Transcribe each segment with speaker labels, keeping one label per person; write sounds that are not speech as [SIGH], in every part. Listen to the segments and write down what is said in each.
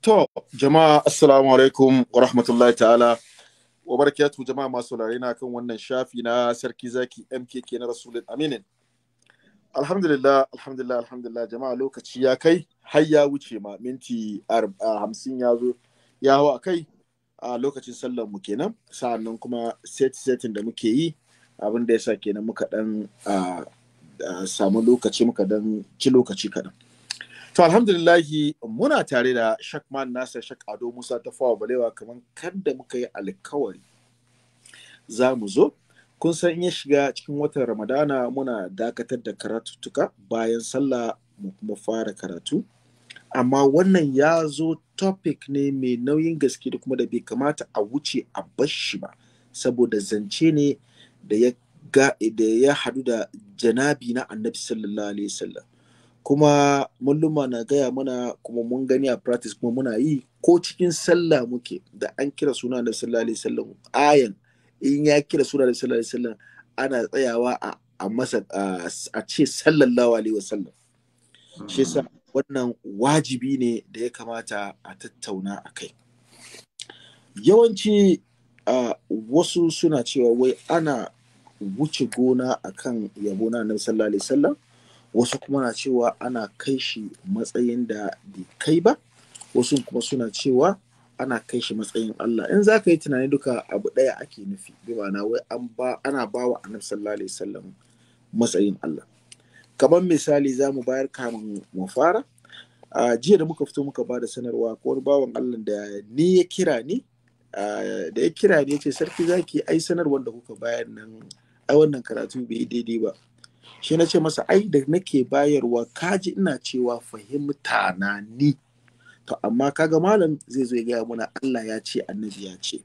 Speaker 1: To, jama'a assalamu alaikum wa rahmatullahi ta'ala. Wa barakatuhu jama'a masu na kan wannan shafi na sarki zaki MKK na Rasulun Aminin. Alhamdulillah, alhamdulillah, alhamdulillah jama'a lokaci ya kai har ya wuce ma minti hamsin ya zo ya hawa kai a lokacin sallar mu kenan sa'an nan kuma set setin da muke yi abin da sa kenan muka dan samu lokaci muka dan ci lokaci kaɗan. To alhamdulillahi muna tare da Shakman nasa Shak Ado Musa ta fawa balewa kamar kadda muka yi alkawari. Za mu zo, kun san in ya shiga cikin watan Ramadana muna dakatar da karatuttuka bayan sallah mu kuma fara karatu. Amma wannan ya zo topic ne mai nauyin gaske da kuma da bai kamata a wuce a bashi ba, saboda zance ne da ya hadu da janabi na annabi sallallahu alaihi wasallam. kuma luma na gaya mana kuma mun gani a practice kuma muna yi ko cikin sallah muke da an kira suna da sallah alaihi sallam ayan in ya kira suna da sallah alaihi sallam ana tsayawa a a masa a ce sallallahu alaihi sallam shi yasa wannan wajibi ne da ya kamata a tattauna a kai yawanci wasu suna cewa wai ana wuce gona akan yabo na sallallahu alaihi sallam. wasu kuma na cewa ana kai shi matsayin da bai kai ba wasu kuma suna cewa ana kai shi matsayin Allah in za ka yi tunani duka abu ɗaya ake nufi bi ma'ana wai an ba ana ba wa annabi sallallahu alaihi wasallam matsayin Allah kamar misali za mu bayar kamun mu fara a jiya da muka fito muka bada sanarwa ko wani bawan Allah da ni ya kira ni da ya kira ni ya ce sarki zaki ai sanarwar da kuka bayar nan ai wannan karatu bai daidai ba shi na ce masa ai da nake bayarwa kaji ina cewa fahimta na ni to amma kaga malam zai zo ya gaya muna Allah ya ce annabi ya ce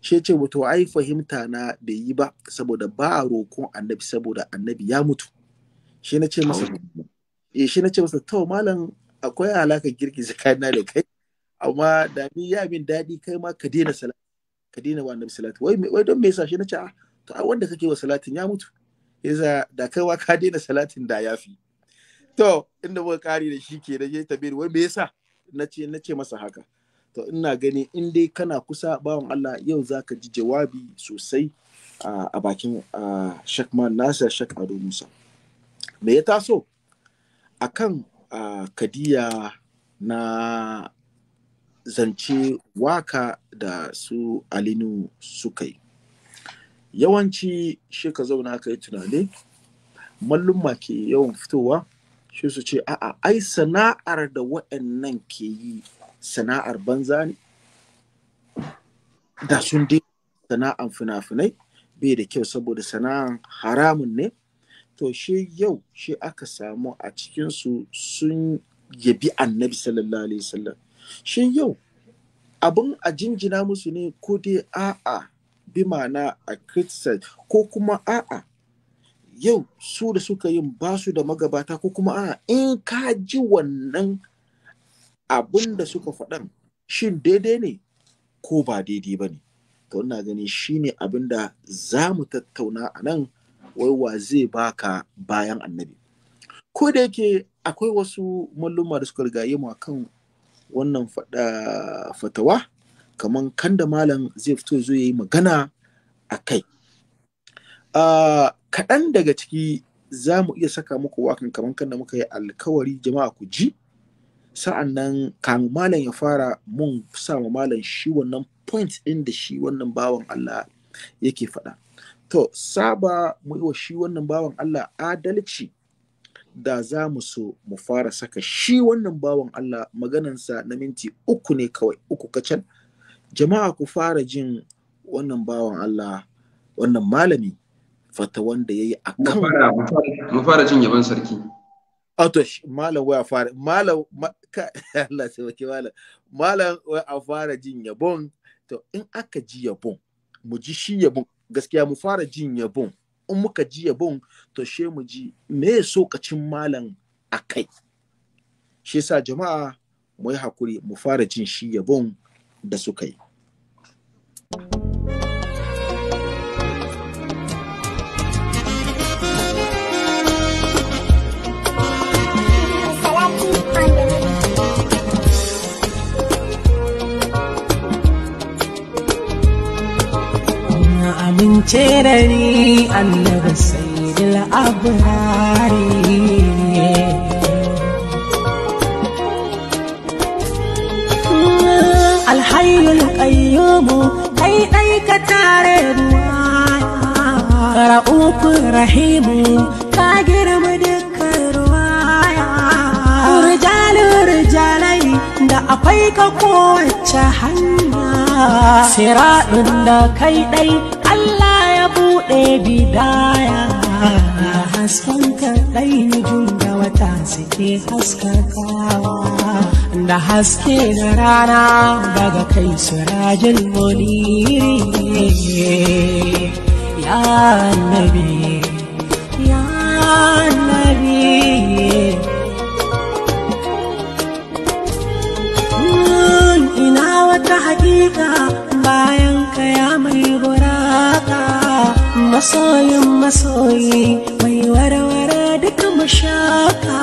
Speaker 1: shi ce wato ai fahimta na bai yi ba saboda ba a roƙon annabi saboda annabi ya mutu shi na ce masa eh shi na ce masa to malam akwai alaka girgiza na da kai amma da ni ya min daɗi kai ma ka daina salati ka daina wa annabi salati wai don me yasa shi na ce a ah, to ai wanda kake wa salatin ya mutu yasa da kaiwa ka daina salatin da yafi to inda muka kare da shi ke da je tabir wai me yasa nace nace masa haka to ina gani in dai kana kusa bawan Allah yau zaka ji jawabi sosai a bakin Shakman Nasir Shak Ado Musa me ya taso akan kadiya na zance waka da su Alinu suka yi yawanci shi ka zauna ka yi tunani mallum'a ke yawan fitowa shi su ce a'a ai sana'ar da waɗannan ke yi sana'ar banza ne da sun dai sana'an fina-finai bai da kyau saboda sana'ar haramun ne to shi yau shi aka samu a cikinsu sun yabi annabi sallallahu alaihi wasallam shi yau abin a jinjina musu ne ko dai a'a bi ma'ana a criticize ko kuma a'a yau su da suka yin su da magabata ko kuma a'a in ka ji wannan abin da suka faɗan shin daidai ne ko ba daidai ba ne to ina gani shine abin da za mu tattauna a nan wai wa zai baka bayan annabi ko da yake akwai wasu malluma da suka rigaye mu akan wannan fatawa Kaman kan da malam zai fito zo ya yi magana a kai ah, kaɗan daga ciki za mu iya saka muku wakan kaman kan da muka yi alkawari jama'a ku ji sa'an nan kamun malam ya fara mun sa ma malam shi wannan point ɗin da shi wannan bawan Allah yake faɗa to saba mu yi wa shi wannan bawan Allah adalci da za mu so mu fara saka shi wannan bawan Allah maganansa na minti uku ne kawai uku kacal jama'a ku fara jin wannan bawan Allah wannan malami fata wanda yayi akan mu fara jin yaban sarki Ato malam waya fara malam [LAUGHS] Allah sai wake malam malam a fara jin yabon to in aka ji yabon mu ji shi yabon gaskiya mu fara jin yabon in muka ji yabon to she mu ji me sokacin malam a kai shi yasa jama'a mu yi hakuri mu fara jin shi yabon da suka yi
Speaker 2: cerari annabi sayyidil abrari alhayyul qayyumu kai dai ka tare ruwa ra'uku rahimu ka girma dukkan ruwaya rijalun rijalai da akwai ka kowace hanya siradun da kai dai Allah buɗe bidaya hasken kaɗai nijin da wata suke haskakawa da haske da rana daga kai surajin muniri ya nabi ya annabi ina wata hakika bayan ka ya mai buraka masoyin masoyi mai warware duka mashaka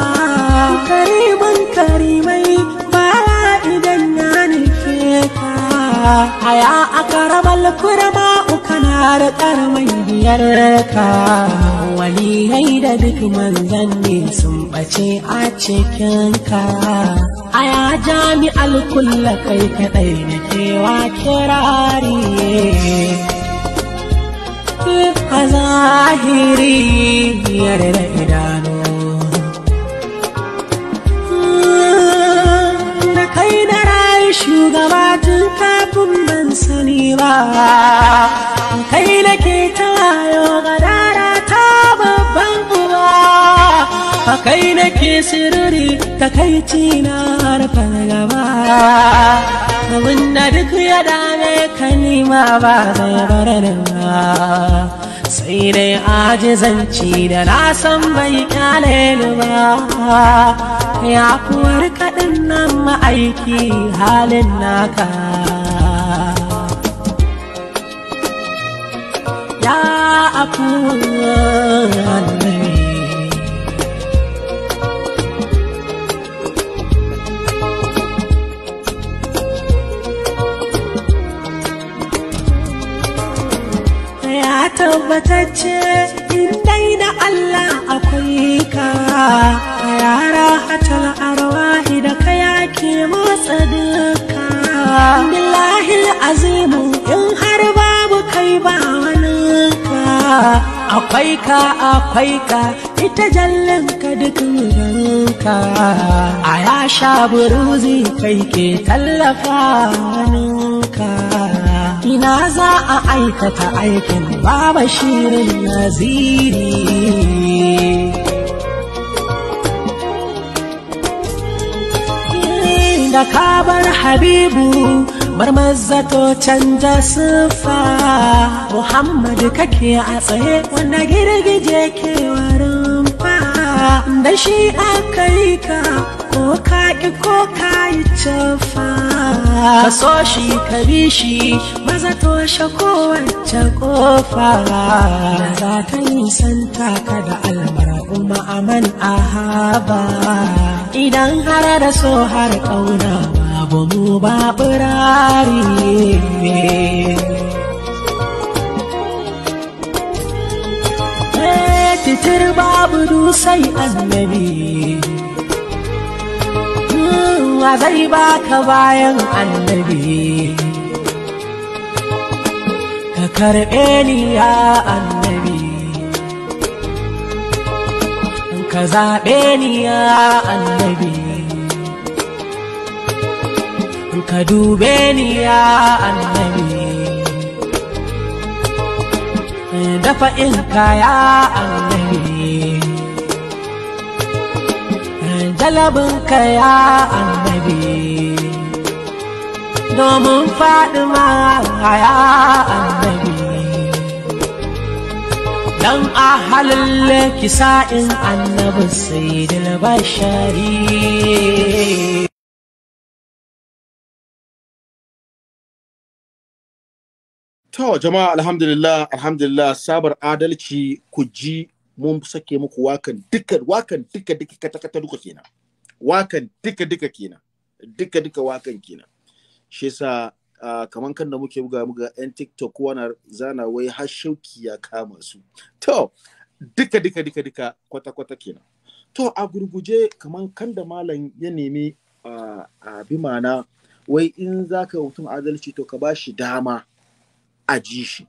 Speaker 2: kariban karimai baya idan na nufe ka haya a karamar na ukanar karamar biyar ka waliyai da duk ne sun bace a cikin ka aya jami'al kulla kai na kewa kirari a zahiri yare da idanu hmm, da kai na rayu shugaba tun kafin ban sani ba kai nake ta wayo gada a kai nake sirri ta kai na rufe gaba abin da duk ya dame ka nima ba zai bar ba sai dai ajizanci da na san bai kyale ni ba ya kuwar kaɗin nan ma'aiki halin naka ya afuwa tabbatacce in dai da Allah akwai ka A yara hatal arwahi da kaya ke motsa duka billahi azimu in har babu kai ba wani ka akwai ka akwai ka ita jallin ka duk ranka a ya sha buruzi kai ke tallafa wani ina za a aikata aikin baba shirin naziri da kabar habibu bar mazzato canja sufa muhammadu kake a tsaye wanda girgije ke warin fa da shi aka yi ka ko ka ko ka yi ka so shi ka bi shi maza toshe kowace kofa za ka nisanta ka da almar'u a ahaba idan har da so har ƙauna babu mu ba birari eh, titir babu dusai annabi hmm, a zai baka bayan annabi karɓe ni ya annabi ka zaɓe ni ya annabi ka dube ni ya annabi dafa inka ya annabi jalabinka ya annabi domin faɗima a ya annabi dan a halalle kisa'in annabi sai bashari
Speaker 1: To jama'a alhamdulillah alhamdulillah sabar adalci ku ji mun sake muku wakan duka wakan duka duka kata kata duka kenan wakan duka duka kenan duka duka wakan kenan shi yasa kamar kan da muke buga muga yan tiktok wana zana wai har shauki ya kama su to duka duka duka duka kwata kwata kenan to a gurguje kamar kan da malam ya nemi a bi mana wai in za ka mutum adalci to ka ba shi dama a ji shi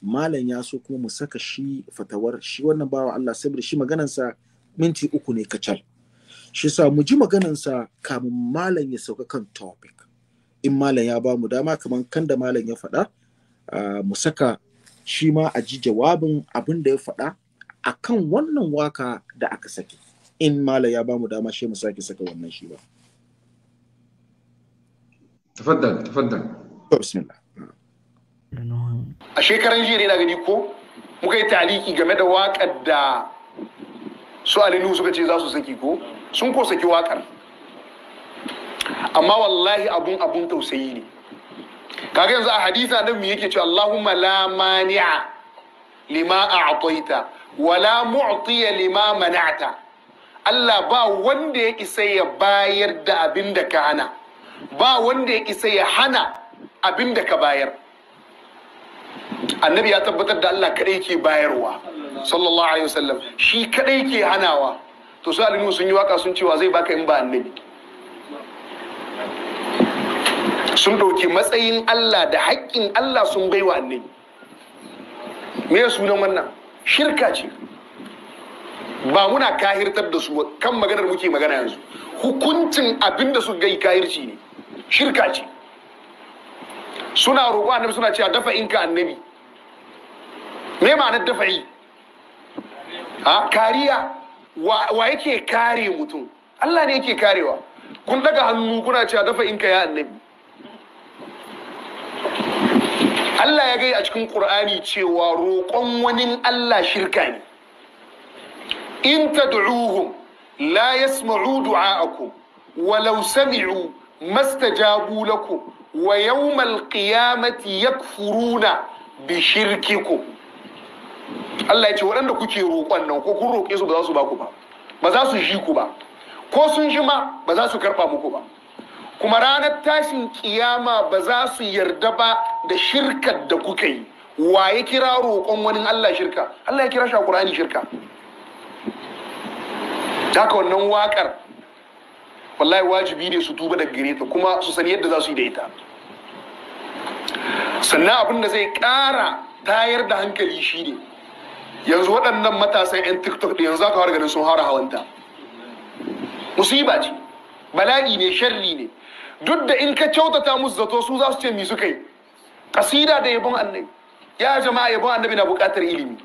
Speaker 1: malam ya so kuma mu saka shi fatawar shi wannan bawa Allah saboda shi maganansa minti uku ne kacal shi sa mu ji maganansa kamun malam ya sauka kan topic in malam ya ba mu dama kamar kan da malam ya faɗa mu saka shi ma a ji jawabin abin da ya faɗa a kan wannan waka da aka sake in malam ya ba mu dama shi mu sake saka wannan shi ba. Tafaddal, tafaddal.
Speaker 3: A shekaran jiya ne na gani ko muka yi taliki game da wakar da su Alinu suka ce za su saki ko sun ko saki wakar. amma wallahi abun abun tausayi ne kaga yanzu a hadisa nan mu yake cewa Allahumma la mani'a lima a'taita wala mu'tiya lima mana'ta Allah ba wanda ya isa ya bayar da abin da ka hana ba wanda ya isa ya hana abin da ka bayar annabi ya tabbatar da Allah kadai ke bayarwa sallallahu alaihi wasallam shi kadai ke hanawa to su alimu sun yi waka sun cewa zai baka in ba annabi sun ɗauki matsayin Allah da haƙƙin Allah sun wa annabi me ya sunan wannan shirka ce ba muna kahirtar da su kan maganar muke magana yanzu hukuncin abin da su gai kahirci ne shirka ce suna roƙo annabi suna cewa dafa in ka annabi me ma'anar dafa yi a kariya wa yake kare mutum Allah ne yake karewa kun daga hannu kuna cewa dafa in ka ya annabi Allah ya gai a cikin Qur'ani cewa roƙon wani Allah shirka ne in tad'uhum la yasma'u du'a'akum walau sami'u mastajabu lakum wa yau yawmal ya yakfuruna bi ku. Allah ya ce waɗanda kuke roƙon nan ko kun roƙe su ba za su ba ku ba ba za su shi ku ba ko sun shi ma ba za su karɓa muku ba kuma ranar tashin kiyama ba za su yarda ba da shirkar da kuka yi wa ya kira roƙon wani Allah shirka Allah ya kira shi a Qur'ani shirka haka wannan waƙar wallahi wajibi ne su tuba da gare ta kuma su sani yadda za su yi da ita sannan abin da zai ƙara tayar da hankali shi ne yanzu waɗannan matasan 'yan tiktok da yanzu aka ganin sun hara hawanta musiba ce bala'i ne sharri ne duk da in ka kyautata musu zato su za su ce mi suka yi kasida da yabon annabi ya jama'a yabon annabi na buƙatar ilimi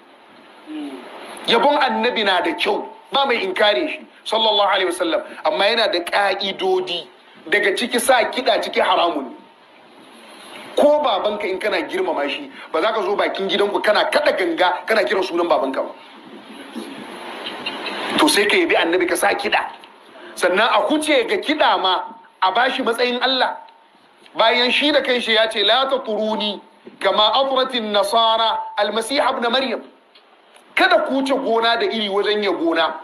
Speaker 3: yabon annabi na da kyau ba mai inkare shi sallallahu alaihi wasallam amma yana da ƙa'idodi daga ciki sa kiɗa ciki haramun ko babanka in kana girmama shi ba za ka zo bakin gidanku kana kada ganga kana kira sunan babanka ba to sai ka yabi annabi ka sa kiɗa sannan a kuce ga kiɗa ma a bashi matsayin Allah bayan shi da kanshi ya ce la tatruni kama afratin nasara almasih ibn maryam kada ku gona da iri wajen ya gona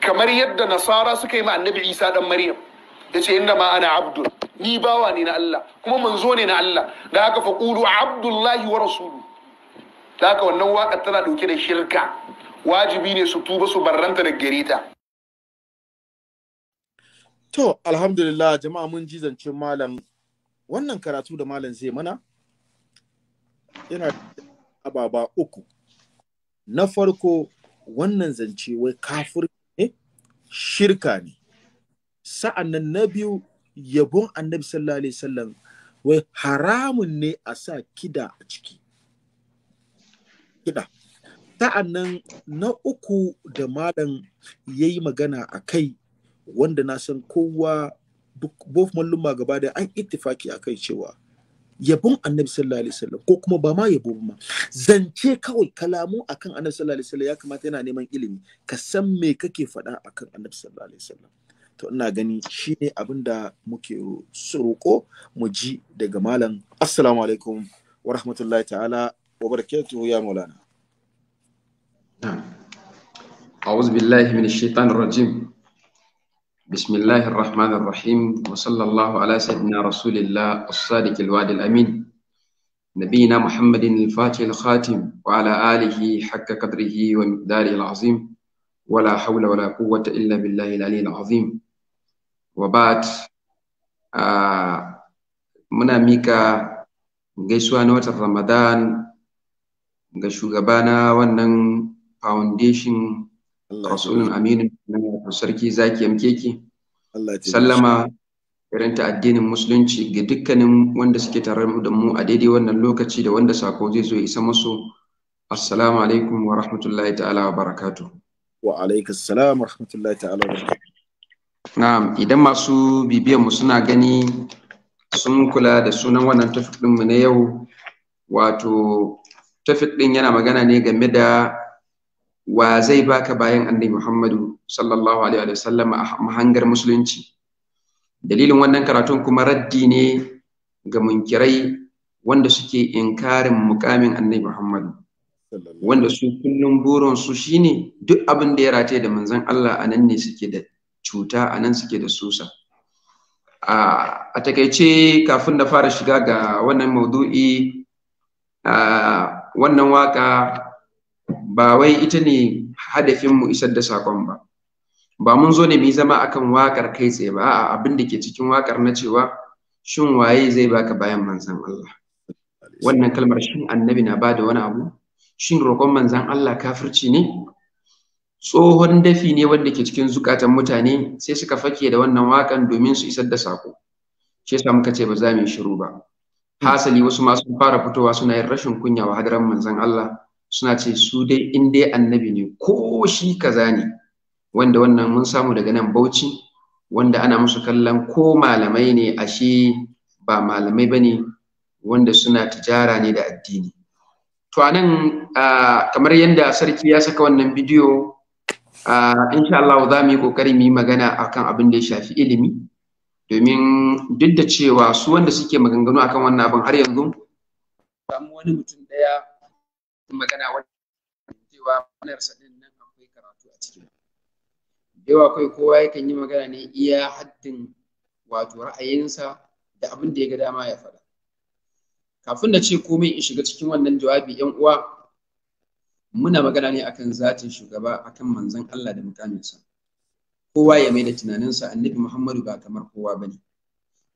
Speaker 3: kamar yadda nasara suka yi ma annabi isa dan maryam yace inda ma ana abdul ni bawa ne na Allah kuma manzo ne na Allah da haka fa qulu abdullahi wa rasulu da haka wannan waƙar tana dauke da shirka wajibi ne su tuba su barranta da gareta
Speaker 1: To, alhamdulillah jama'a mun ji zancen malam wannan karatu da malam zai mana yana ababa uku. Na farko wannan zance wai kafir ne, shirka ne. Sa'an nan na biyu yabon annabi sallallahu alaihi wasallam wai haramun ne a sa kida a ciki. Kida. Sa'an nan na uku da malam ya yi magana a kai wanda na san kowa both malluma gaba da an ittifaki a kai cewa yabon annabi sallallahu alaihi wasallam ko kuma ba ma yabo ba zance kawai kalamu akan annabi sallallahu alaihi wasallam ya kamata yana neman ilimi ka san me kake faɗa akan annabi sallallahu alaihi wasallam to ina gani shine abin da muke roƙo mu ji daga malam assalamu alaikum wa rahmatullahi ta'ala wa barakatuhu ya maulana
Speaker 4: a'udhu billahi minash shaitanir rajim بسم الله الرحمن الرحيم وصلى الله على سيدنا رسول الله الصادق الوعد الأمين نبينا محمد الفاتح الخاتم وعلى آله حق قدره ومقداره العظيم ولا حول ولا قوة إلا بالله العلي العظيم وبعد آه muna mika gaisuwa na watan Ramadan ga shugabana wannan foundation rasulun aminin sarki zaki Mkeki, ki sallama irin addinin musulunci ga dukkanin wanda suke tare da mu a daidai wannan lokaci da wanda sako zai zo isa musu assalamu alaikum wa rahmatullahi ta'ala wa barakatu wa
Speaker 1: alaikas salam wa rahmatullahi ta'ala wa barakatu
Speaker 4: na'am idan masu bibiyan mu suna gani sun kula da sunan wannan tafiq din mu na yau wato tafiq din yana magana ne game da wa zai baka bayan annabi Muhammadu sallallahu alaihi wa sallam a mahangar musulunci dalilin wannan karatun kuma raddi ne ga munkirai wanda suke inkarin mukamin annabi Muhammadu wanda su kullum burin su shine duk abin da ya rataye da manzon Allah a ne suke da cuta anan suke da susa a takaice kafin da fara shiga ga wannan maudu'i wannan waka ba wai ita ne hadafinmu isar da sakon ba ba mun zo ne mu zama akan waƙar kai tsaye ba a'a abin da ke cikin waƙar na cewa shin waye zai baka bayan manzan Allah wannan kalmar shin annabi na bada wani abu shin roƙon manzan Allah kafirci ne tsohon dafi ne wanda ke cikin zukatan mutane sai suka fake da wannan wakan domin su isar da sako shi yasa muka ce ba za mu shiru ba hasali wasu ma sun fara fitowa suna yin rashin kunya wa hadaran manzan Allah suna ce su dai in dai annabi ne ko shi kaza ne wanda wannan mun samu daga nan bauchi wanda ana musu kallon ko malamai ne ashe ba malamai bane wanda suna tijara ne da addini to anan kamar yadda sarki ya saka wannan bidiyo insha Allah za mu yi kokari mu yi magana akan abin da ya shafi ilimi domin duk da cewa su wanda suke maganganu akan wannan abin har yanzu samu wani mutum ɗaya magana wannan cewa wannan sadin nan akwai karatu a cikin yawa kai kowa yakan yi magana ne iya haddin wato ra'ayinsa da abin da ya ga dama ya faɗa kafin na ce komai in shiga cikin wannan jawabi yan uwa muna magana ne akan zatin shugaba akan manzon Allah da mukaminsa kowa ya mai da tunaninsa annabi Muhammadu ba kamar kowa bane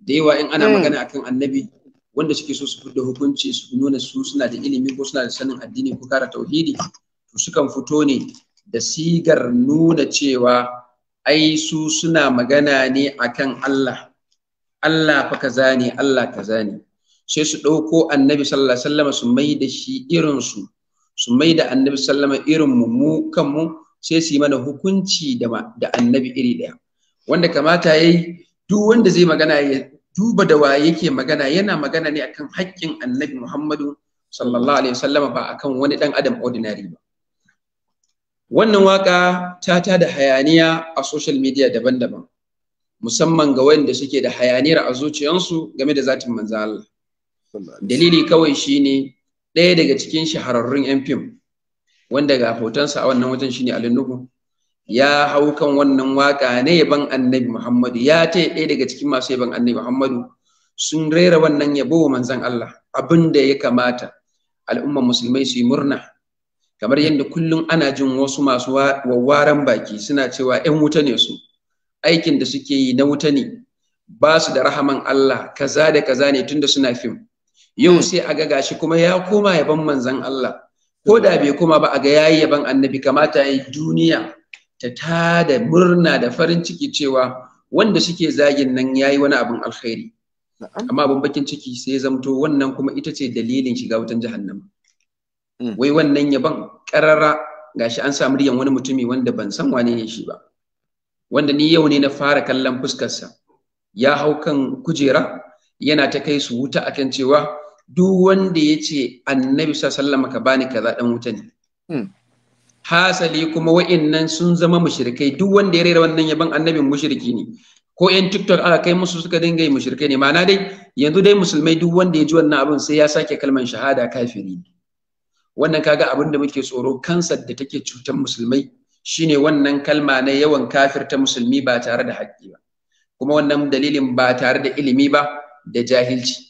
Speaker 3: da yawa in ana hmm. magana
Speaker 4: akan annabi wanda suke so su fito hukunci su nuna su suna da ilimi ko suna da sanin addini ko kara tauhidi to sukan fito ne da sigar nuna cewa ai su suna magana ne akan Allah Allah fa kaza ne Allah kaza ne sai su ɗauko annabi sallallahu alaihi wasallam su mai da shi irin su su mai da annabi sallama irin mu kanmu sai su yi mana hukunci da annabi iri ɗaya wanda kamata ya duk wanda zai magana ya duba da wa yake magana yana magana ne akan haƙƙin annabi Muhammadu sallallahu alaihi wasallam ba akan wani dan adam ordinary ba wannan waka ta ta da hayaniya a social media daban-daban musamman ga wanda suke da hayaniyar a zuciyarsu game da zatin manzo Allah dalili kawai shine ɗaya daga cikin shahararrun yan fim wanda ga hotonsa a wannan wajen shine Ali Nuhu ya hau kan wannan waka ne yaban annabi Muhammadu ya ce ɗaya daga cikin masu yaban annabi Muhammadu sun rera wannan yabo wa manzan Allah abin da ya kamata al'umman musulmai su yi murna kamar yadda kullum ana jin wasu masu wawaran baki suna cewa ‘yan wuta ne su aikin da suke yi na wuta ne ba su da rahaman Allah kaza da kaza ne tun da suna fim yau sai a ga gashi kuma ya koma yaban manzan Allah ko da bai koma ba a ga yayi yaban annabi kamata ya yi duniya ta da murna da farin ciki cewa wanda suke zagin nan yayi wani abin alkhairi amma abin bakin ciki sai ya zamto wannan kuma ita ce dalilin shiga wutan jahannama mm. wai wannan ya yaban karara gashi an samu riyan wani mutumi wanda ban san wane ne shi ba wanda ni yau ne na fara kallon fuskarsa ya hau kan kujera yana ta kai su wuta akan cewa duk wanda ya ce annabi sallama ka bani kaza dan wuta ne mm. hasali kuma wa'innan sun zama mushrikai duk wanda ya rera wannan yaban annabin mushriki ne ko yan tiktok aka kai musu suka dinga yi mushrikai ne ma'ana dai yanzu dai musulmai duk wanda ya ji wannan abin sai ya sake kalman shahada kafiri wannan kaga abin da muke tsoro kansar da take cutar musulmai shine wannan kalma na yawan kafirta musulmi ba tare da haƙƙi ba kuma wannan dalilin ba tare da ilimi ba da jahilci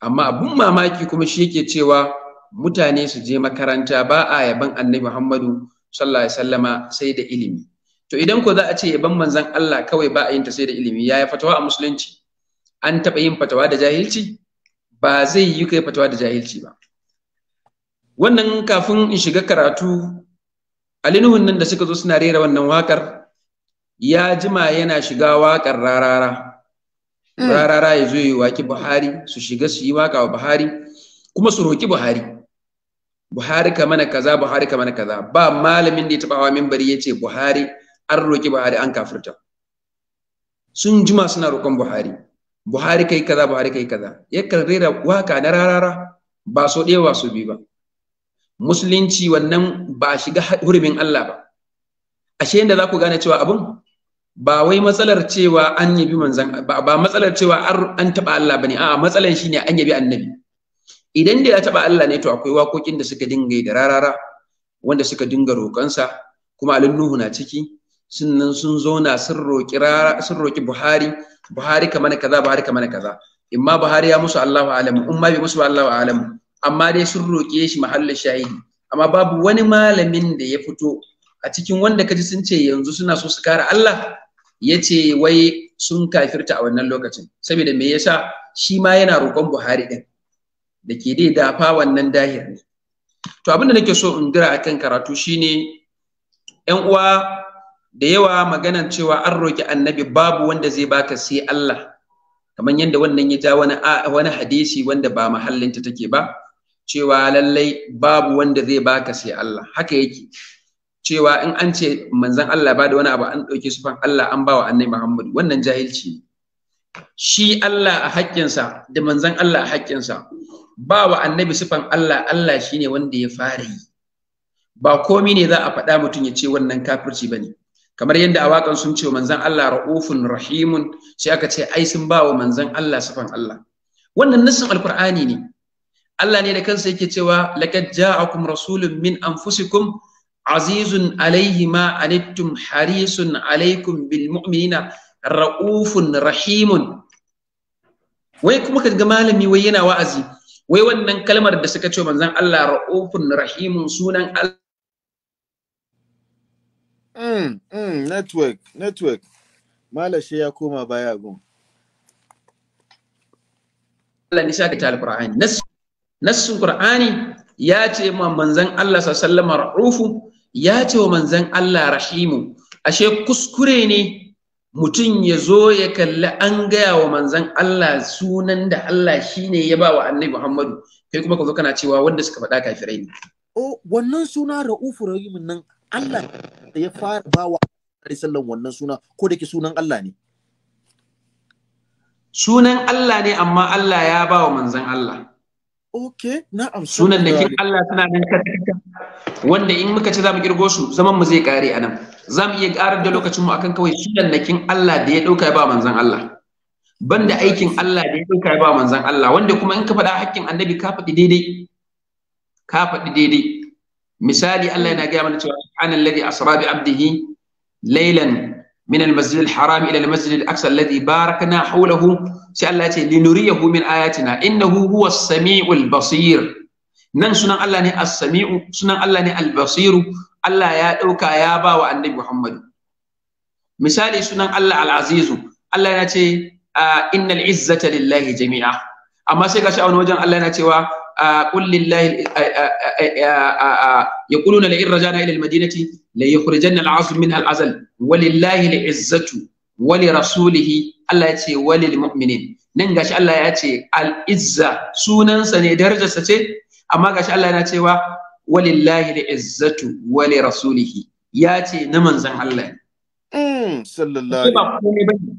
Speaker 4: amma abun mamaki kuma shi yake cewa mutane su je makaranta ba a yaban annabi Muhammadu sallallahu alaihi wasallama sai da ilimi to idan ko za a ce ban manzon Allah kawai ba a yin ta sai da ilimi yaya fatawa a musulunci an taba yin fatawa da jahilci ba zai yi kai fatawa da jahilci ba wannan kafin in shiga karatu alinuhun nan da suka zo suna rera wannan wakar ya jima yana shiga wakar rarara mm. rarara ya zo yi waki buhari su shiga su yi waka wa buhari kuma su roki buhari Buhari ka mana kaza Buhari ka mana kaza ba malamin da ya taba hawa minbari yace Buhari an roki Buhari an kafirta sun jima suna roƙon Buhari Buhari kai kaza Buhari kai kaza yakan rera waka na rarara ba so ɗaya ba so biyu ba musulunci wannan ba a shiga hurumin Allah ba ashe inda za ku gane cewa abun ba wai matsalar cewa an yabi manzan ba, ba matsalar cewa an taɓa Allah bane a'a matsalar shine an yabi annabi idan da ya taba Allah ne to akwai waƙoƙin da suka dinga yi da rarara wanda suka dinga roƙonsa kuma alin nuhu na ciki sannan sun zauna sun roƙi sun roƙi Buhari Buhari kamar kaza Buhari kamar kaza imma Buhari ya musu Allahu alamu in ma bai musu Allahu alamu amma dai sun roƙe shi mahallin shahidi amma babu wani malamin da ya fito a cikin wanda kaji sun ce yanzu suna so su kare Allah ya ce wai sun kafirta a wannan lokacin saboda me yasa shi ma yana roƙon Buhari din da ke dai dafa wannan dahir ne to abin da nake so in dira akan karatu shine yan uwa da yawa maganar cewa an roki annabi babu wanda zai baka sai Allah kamar yadda wannan ya ja wani hadisi wanda ba mahallinta take ba cewa lallai babu wanda zai baka sai Allah haka yake cewa in an ce manzan Allah ba da wani abu an ɗauki sufan Allah an bawa annabi Muhammadu wannan jahilci ne shi Allah a haƙƙinsa da manzan Allah a haƙƙinsa ba wa annabi sifan Allah Allah shine wanda ya fara yi ba komi ne za a faɗa mutum ya ce wannan kafirci ba ne kamar yadda a waƙan sun ce wa manzan Allah ra'ufun rahimun sai aka ce ai sun ba wa manzan Allah sifan Allah wannan nassin alkur'ani ne Allah ne da kansa yake cewa laqad ja'akum rasulun min anfusikum azizun alayhi ma anittum harisun alaikum bil mu'minina ra'ufun rahimun wai kuma kaga malami wai yana wa'azi wai wannan kalmar da suka ce manzon Allah
Speaker 1: ra'ufun rahimun sunan Allah Mm, mm, network, network. Malashe ya koma baya gun. Allah ni shaka ta alqur'ani nassin qur'ani
Speaker 4: ya ce ma manzon Allah sallallahu alaihi wasallam ra'ufu ya ce wa manzon Allah rahimu ashe kuskure ne mutum ya zo ya kalli an gaya wa manzan Allah sunan da Allah shi ne ya ba wa annabi Muhammadu kai kuma ka zo kana cewa wanda suka faɗa
Speaker 1: kafirai ne. O wannan suna Ra'ufu Rahimun nan Allah da ya fara ba wa sallan wannan suna ko da ke sunan Allah ne. Sunan Allah ne amma Allah ya ba wa manzan Allah. Ok, na'am. Sunan da
Speaker 4: Allah suna nan wanda in muka ce za mu kirgo su zaman mu zai kare a nan. za mu iya ƙarar da lokacinmu akan kawai sunannakin Allah da ya ɗauka ya ba Allah banda aikin Allah da ya ɗauka ya ba manzan Allah wanda kuma in ka faɗa hakkin annabi ka faɗi daidai ka faɗi daidai misali Allah yana gaya mana cewa subhanallazi asra bi abdihi laylan من المسجد الحرام إلى المسجد الأقصى الذي باركنا min سألت لنريه من آياتنا إنه Basir." Nan sunan Allah ne الله ني sunan Allah ne ني Basiru. Allah ya ɗauka ya ba wa annabi Muhammadu. Misali sunan Allah al’azizu, Allah ya ce, Innal izzata lillahi jami'a. Amma sai a wani wajen Allah yana cewa, Kullin lahi ya la'in rajana madinati, la yi min al'azal, wa lillahi la izzatu, wali rasulihi, Allah ya ce, wali mu'minin. Nan gashi Allah ya ce, al'izza sunansa ne darajarsa ce, amma gashi Allah yana cewa, walillahi da izzatu wali rasulihi ya ce na manzan Allah mm. ne.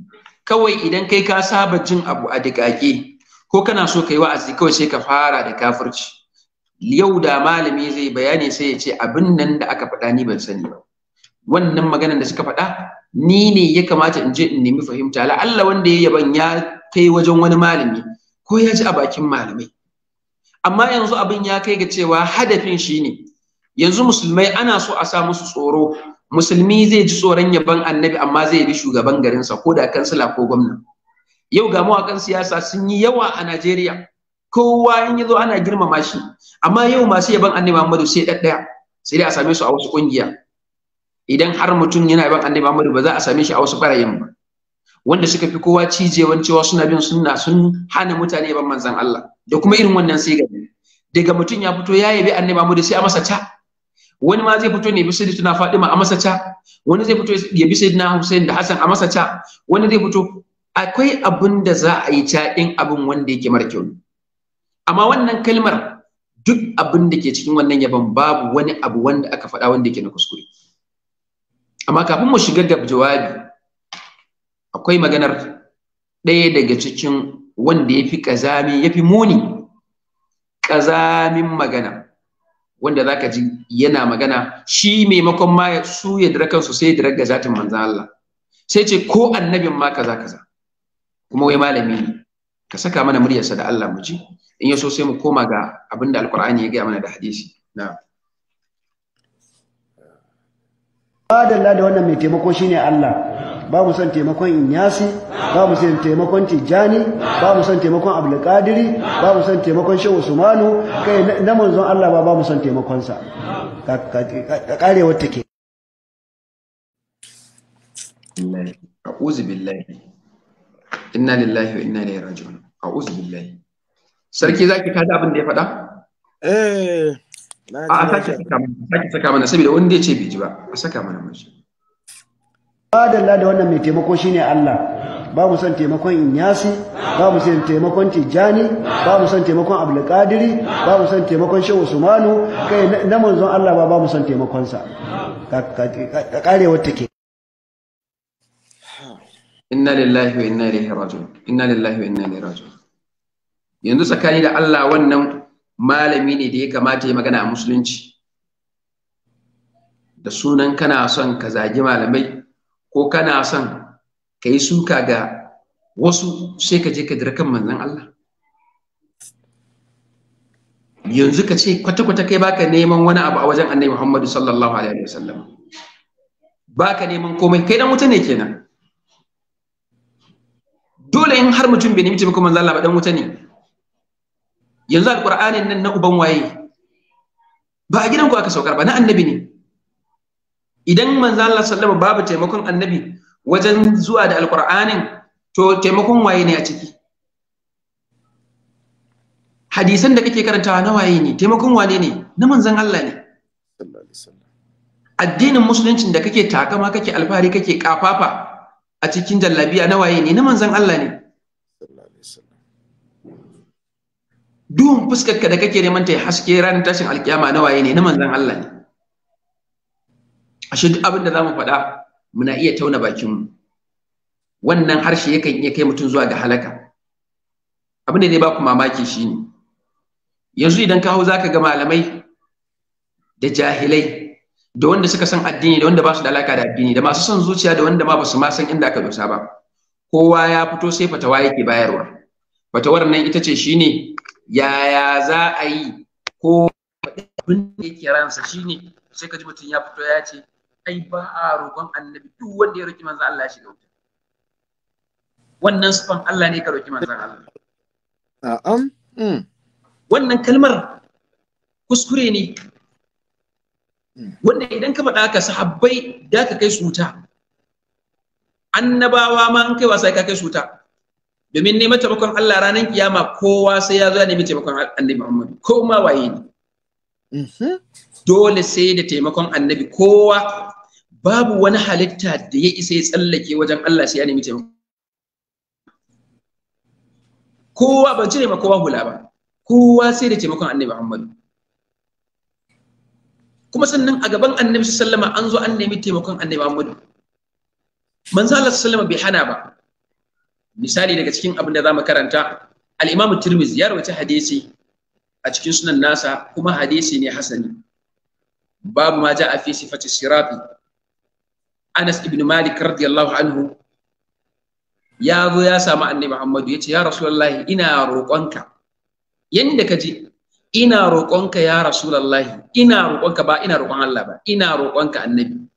Speaker 4: Kawai idan kai ka saba jin abu a dikake ko kana so ka yi wa'azi kawai sai ka fara da kafirci. Yau da malami zai bayani sai ya ce abin nan da aka faɗa ni ban sani ba. Wannan maganan da suka faɗa ni ne ya kamata in je in nemi fahimta. Allah wanda ya yaban ya kai wajen wani malami ko ya ji a bakin malamai. amma yanzu abin ya kai ga cewa hadafin shine yanzu musulmai ana so a sa musu tsoro musulmi zai ji tsoron yaban annabi amma zai bi shugaban garinsa ko da kansila ko gwamna yau ga mawakan siyasa sun yi yawa a Najeriya kowa in yazo ana girmama shi amma yau masu yaban annabi Muhammadu sai ɗaɗɗaya sai dai a same su a wasu ƙungiya idan har mutum yana yaban annabi Muhammadu ba za a same shi a wasu ɓarayin ba wanda suka fi kowa cijewan cewa suna bin sunna sun hana mutane yaban manzon Allah da kuma irin wannan sai gani daga mutum ya fito ya yabi annabi Muhammad sai a masa ta wani ma zai fito ne bi sayyidina Fatima a masa ta wani zai fito ya bi na Hussein da Hassan a masa ta wani zai fito akwai abin da za a yi ta in abin wanda yake mara kyau amma wannan kalmar duk abin da ke cikin wannan yaban babu wani abu wanda aka faɗa wanda yake na kuskure amma kafin mu shiga ga jawabi akwai maganar ɗaya daga cikin wanda ya fi ƙazami ya fi muni ƙazamin magana wanda za ka ji yana magana shi maimakon ma su ya dira kansu sai ya ga zatin manzan Allah sai ce ko annabin ma kaza kaza kuma wai malami ne ka saka mana muryarsa da Allah mu ji in ya so sai mu koma ga abinda da alkur'ani ya gaya mana da hadisi
Speaker 1: na ba da wannan mai taimako shine Allah ba mu son taimakon inyasi ba mu son taimakon tijjani ba mu son taimakon abdulkadiri ba mu son taimakon shehu usmanu kai na manzon Allah ba mu son taimakon sa karewar wata
Speaker 4: a'udhu billahi inna lillahi wa inna ilaihi raji'un a'udhu billahi sarki zaki kada abin da ya faɗa
Speaker 1: eh a sake
Speaker 4: saka mana saboda wanda ya ce bai ji ba a saka mana mashi
Speaker 1: Ba da wannan mai taimako shine Allah ba mu son taimakon Inyasi ba mu son taimakon Tijjani ba mu son taimakon Abdulkadiri ba mu son taimakon Shehu Usmanu kai na manzon Allah ba ba mu son taimakon sa ka wata ke.
Speaker 4: inna lillahi wa inna ilaihi raji'un inna lillahi wa inna ilaihi raji'un yanzu tsakani da Allah wannan malami ne da ya kamata ya magana a musulunci da sunan kana son ka zagi malamai ko kana son ka yi suka ga wasu sai ka je ka dira kan manzan Allah yanzu ka ce kwata-kwata kai baka neman wani abu a wajen annabi Muhammadu sallallahu alaihi wasallam baka neman komai kai dan wuta ne kenan dole in har mutum bai nemi taimakon manzan Allah ba dan wuta ne yanzu alqur'anin nan na uban waye ba a gidan ku aka saukar ba na annabi ne idan manzo Allah sallama babu taimakon annabi wajen zuwa da alqur'anin to taimakon waye ne a ciki hadisan da kake karantawa na waye ne taimakon wane ne na manzon Allah ne addinin musuluncin da kake takama kake alfahari kake kafafa a cikin jallabiya na waye ne na manzon Allah ne duhun fuskarka da kake neman ta haske ranar tashin alkiyama na waye ne na manzon Allah ne ashe duk abin da zamu faɗa muna iya tauna bakinmu wannan harshe yakan iya kai mutum zuwa ga halaka abin da ba ku mamaki shi ne. yanzu idan ka hau zaka ga malamai da jahilai da wanda suka san addini da wanda ba su da alaka da addini da masu son zuciya da wanda ma ba su ma san inda aka dosa ba kowa ya fito sai fatawa yake bayarwa fatawar nan ita ce shine yaya za a yi ko abin da yake ransa shine sai ka ji mutum ya fito ya ce ai ba a roƙon annabi duk wanda ya roƙi manzan Allah shi shiga wannan sufan Allah ne ka roƙi manzan Allah na'am hmm. wannan kalmar kuskure ne hmm. wanda idan ka faɗa ka sahabbai da ka kai su annabawa ma an kai wasa ka kai su wuta domin neman taimakon Allah ranar kiyama kowa sai ya zo ya nemi taimakon annabi Muhammad ko ma waye ne mhm. dole sai da taimakon annabi kowa babu wani halitta da ya isa ya tsallake wajen Allah sai ya nemi taimako kowa ban cire ma kowa hula ba kowa sai da taimakon annabi Muhammad kuma sannan a gaban annabi sallama an zo an nemi taimakon annabi Muhammad manzo Allah sallama bai hana ba misali daga cikin abin da zamu karanta al-Imam Tirmidhi ya rawaita hadisi a cikin sunan nasa kuma hadisi ne hasani babu ma ja'a fi sifati sirati Anas ibn Malik radiyallahu anhu ya zo ya samu annabi Muhammadu ya ce ya Rasulullahi ina roƙonka yanda ka ji ina roƙonka ya Rasulullahi ina roƙonka ba ina roƙon Allah ba ina roƙonka annabi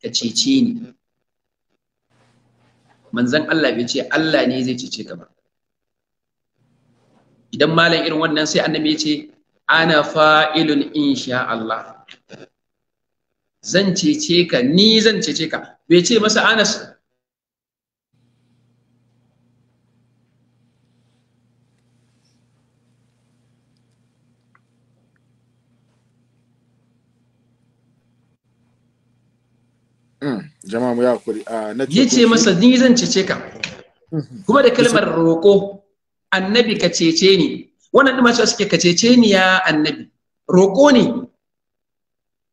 Speaker 4: ka cece ni manzon Allah bai ce Allah ne zai cece ka ba idan malam irin wannan sai annabi ya ce ana fa'ilun insha Allah zan cece ka ni zan cece ka bai ce masa anas
Speaker 1: hmm, jama'a mu ya kuri a ah, na ce masa ni
Speaker 4: zan cece ka hmm. kuma da kalmar roko annabi ka cece ni wannan masu suke ka cece ni ya annabi roko ne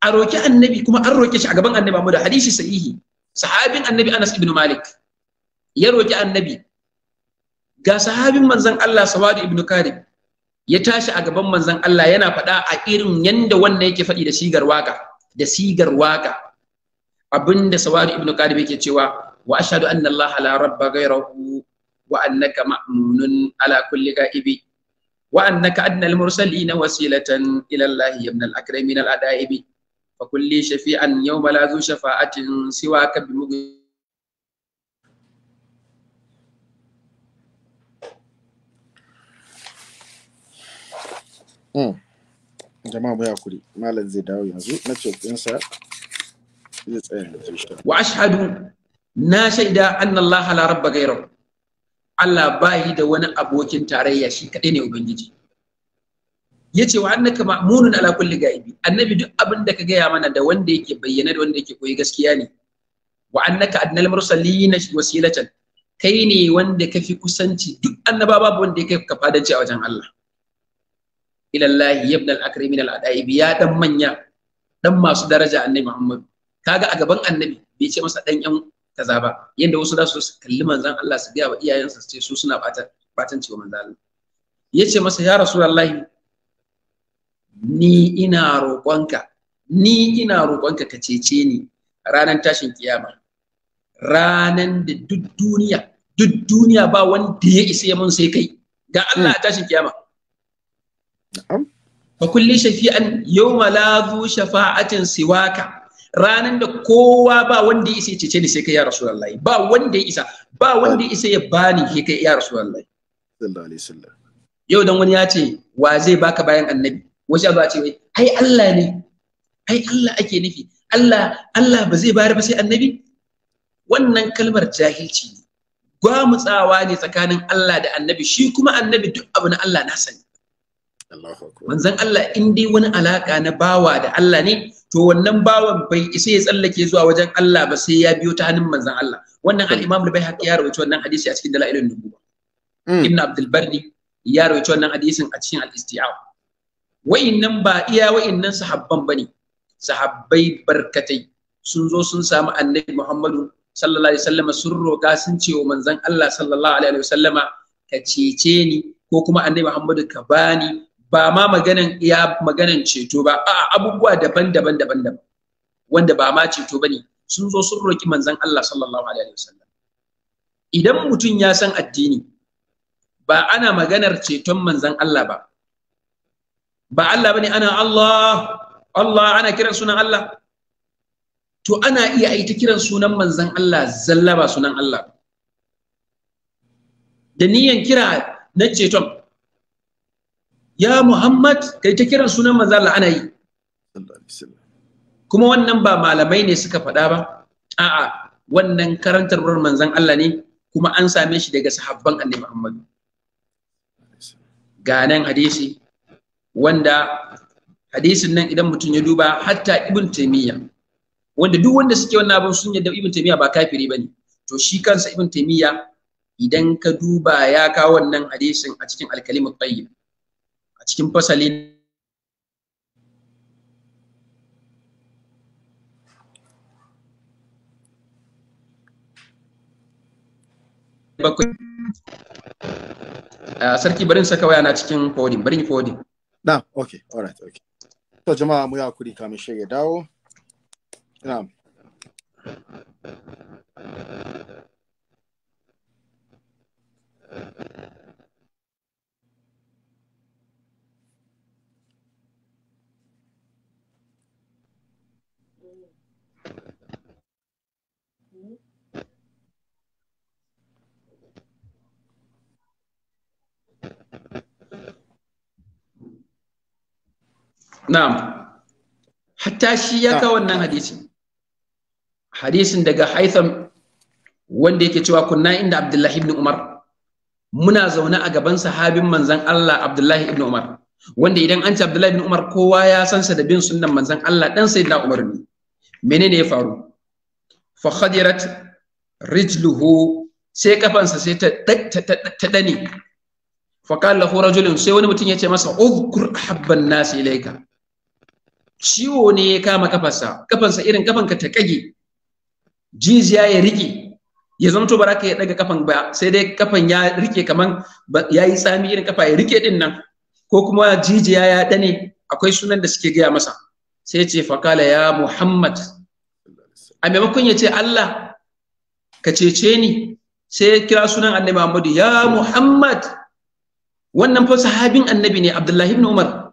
Speaker 4: a roƙi annabi kuma an roke shi a gaban annabi mu da hadisi sahihi sahabin annabi Anas ibn Malik ya roƙi annabi ga sahabin manzon Allah Sawadu ibn Karim ya tashi a gaban manzon Allah yana faɗa a irin yanda wannan yake faɗi da sigar waka da sigar waka abinda Sawadu ibn Karim yake cewa wa ashhadu anna Allah la rabba ghayrahu wa annaka ma'munun ala kulli ga'ibi wa annaka adna mursalina wasilatan ila Allah ya ibn al-akramin al-adaibi fa kulli shafi'an yawma la zu shafa'atin siwaka bi
Speaker 1: jama'a mu yakuri malam zai dawo yanzu na zai tsaya da wa
Speaker 4: ashhadu na shaida anna Allah la rabba Allah ba yi da wani abokin tarayya shi kadai ne ubangiji Ya wa annaka ma'munun ala kulli gaibi annabi duk abin da ka gaya mana da wanda yake bayyana da wanda yake koyi gaskiya ne wa annaka adnal mursalin wasilatan kai ne wanda ka fi kusanci duk annaba babu wanda yake ka fadanci a wajen Allah ila Allah yabna al akramin al adaibi ya dan manya dan masu daraja annabi Muhammad kaga a gaban annabi bai ce masa dan yan kaza ba yanda wasu za su kalli manzon Allah su ga wa iyayensa su ce su suna fatan batan cewa manzon Allah yace masa ya rasulullahi ni ina roƙonka ni ina roƙonka ka cece ni ranar tashin kiyama ranan da duk duniya duk duniya ba wanda ya isa mun sai kai ga Allah a tashin kiyama fa kulli shafi'an yawma la zu shafa'atin siwaka ranan da kowa ba wanda ya isa cece ni sai kai ya rasulullahi ba wanda ya isa ba wanda ya isa ya bani sai kai ya rasulullahi sallallahu alaihi wasallam yau dan wani ya ce wa zai baka bayan annabi Wajen ba ce wai ai Allah ne ai Allah ake nufi Allah Allah ba zai bari ba sai annabi wannan kalmar jahilci ne gwamutsawa ne tsakanin Allah da annabi shi kuma annabi duk abu na Allah na sani manzon Allah in dai wani alaka na bawa da Allah ne to wannan bawan bai isa ya tsallake zuwa wajen Allah ba sai ya biyo ta hannun manzon Allah wannan hmm. al-Imam al-Baihaqi ya rawaito wannan hadisi a cikin dalailun nubuwa hmm. Ibn Abdul Barri ya rawaito wannan hadisin a cikin al-Isti'ab wa'innan ba iya wa'innan sahabban bane sahabbai barkatai sun zo sun samu annabi Muhammadu sallallahu alaihi wasallama sun roƙa sun ce wa manzon Allah sallallahu alaihi wasallama ka cece ni ko kuma annabi Muhammadu ka bani ba ma maganan iya maganan ceto ba a abubuwa daban-daban daban-daban wanda ba ma ceto bane sun zo sun roƙi manzon Allah sallallahu alaihi wasallam idan mutum ya san addini ba ana maganar ceton manzon Allah ba ba Allah bane ana Allah Allah ana kiran sunan Allah to ana iya aita kiran sunan manzan Allah Zallaba sunan Allah da niyan kira na ceton ya Muhammad kai ta kiran sunan manzo Allah ana yi kuma wannan ba malamai ne suka faɗa ba a'a wannan karantarwar manzon Allah ne kuma an same shi daga sahabban Annabi Muhammad ga nan hadisi wanda hadisin nan idan mutum ya duba hatta ibn taymiya wanda duk wanda suke wannan abin sun yadda ibn taymiya ba kafiri bane to shi kansa ibn taymiya idan ka duba ya kawo wannan hadisin a cikin alkalimat tayyib a cikin fasalin ah, sarki barin saka waya na cikin coding barin coding
Speaker 1: Now, okay, all right, okay. So, jama'a mu ya kuri kamin shi ya dawo. Na'am.
Speaker 2: na'am
Speaker 4: hatta shi ya kawo wannan hadisin hadisin daga haitham wanda yake cewa kunna inda abdullahi ibn umar muna zaune a gaban sahabin manzan allah abdullahi ibn umar wanda idan an ce abdullahi ibn umar kowa ya san sa da bin sunnan manzan allah dan sayyidina umar ne menene ya faru fa khadirat rijluhu sai kafansa sai ta dane fa qala lahu rajulun sai wani mutum ya ce masa udhkur habban nasi ilayka ciwo ne ya kama kafarsa kafansa irin kafanka ta kage jijiya ya rike ya zamto ba ka ya daga kafan ba sai dai kafan ya rike kaman ya yi tsami irin kafa ya rike din nan ko kuma jijiya ya dane akwai sunan da suke gaya masa sai ce fakala ya muhammad a maimakon ya ce allah ka cece ni sai kira sunan annabi muhammadu ya muhammad wannan fa sahabin annabi ne abdullahi ibn umar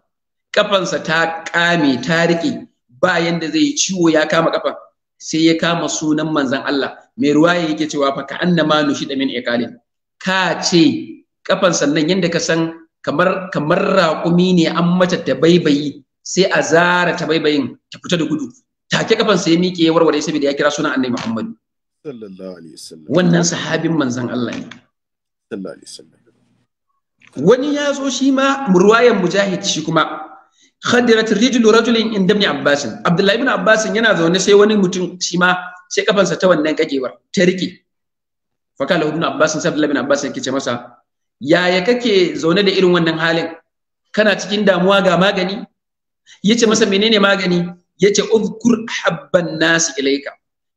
Speaker 4: kafansa ta kame ta rike ba yanda zai ciwo ya kama kafan sai ya kama sunan manzon Allah mai ruwaya yake cewa fa ka annama nushida min iqalin ka ce kafan sannan yanda ka san kamar kamar raƙumi ne an mata ta baibayi sai a zara ta baibayin ta fita da gudu take kafan sai miƙe ya warware saboda ya kira sunan annabi Muhammad
Speaker 1: sallallahu alaihi wasallam wannan
Speaker 4: sahabin manzon Allah ne sallallahu alaihi wasallam wani ya zo shi ma ruwayan mujahid shi kuma khadirat rijul rajulin inda ibn abbas abdullahi ibn abbas yana zaune sai wani mutum shi ma sai kafansa ta wannan kakewar ta rike fakala ibn abbas sai abdullahi ibn abbas yake ce masa yaya kake zaune da irin wannan halin kana cikin damuwa ga magani yace masa menene magani yace uzkur habban nas ilayka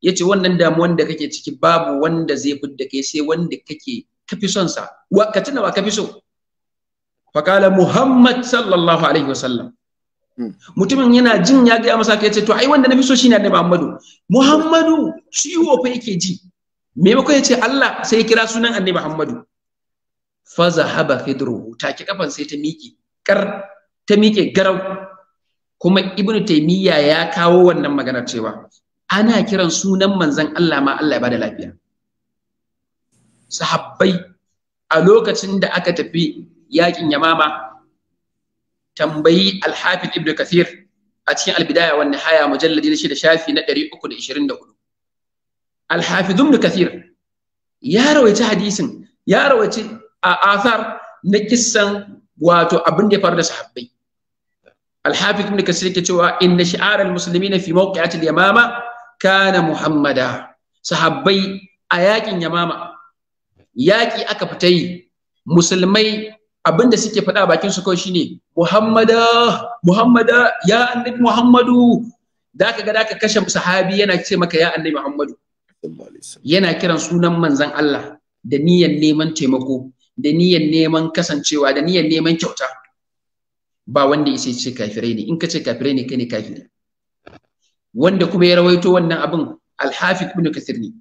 Speaker 4: yace wannan damuwan da kake ciki babu wanda zai fidda kai sai wanda kake kafi son sa wa ka tuna wa kafi so fakala muhammad sallallahu alaihi wasallam mutumin yana jin ya gaya masa ka ce to ai wanda na fi so shine annabi Muhammadu Muhammadu ciwo fa yake ji Me ya yace Allah sai ya kira sunan annabi Muhammadu fa zahaba khidruhu kafan sai ta miƙe kar ta miƙe garau kuma Ibn Taymiyyah ya kawo wannan maganar cewa ana kiran sunan manzon Allah ma Allah ya bada lafiya sahabbai a lokacin da aka tafi yakin yamama tambayi al-hafiz kathir a cikin al-bidaya haya nihaya mujalladi na shida shafi na 324 al-hafiz kathir ya rawaici hadisin ya rawaici a athar na kissan wato abin da ya faru da sahabbai al-hafiz ibnu kathir yake cewa inna shi'ar al-muslimina fi mawqi'ati al-yamama kana muhammada sahabbai a yakin yamama yaki aka fita yi musulmai abin da suke faɗa bakin su kawai shine Muhammada Muhammada ya annabi Muhammadu da ka ga da ka kashe sahabi yana ce maka ya annabi Muhammadu yana kiran sunan manzon Allah da niyan neman taimako da niyan neman kasancewa da niyan neman kyauta ba wanda yace ce kafirai ne in ka ce kafirai ne kai ne kafiri wanda kuma ya rawaito wannan abin al-Hafiz ibn Kathir ne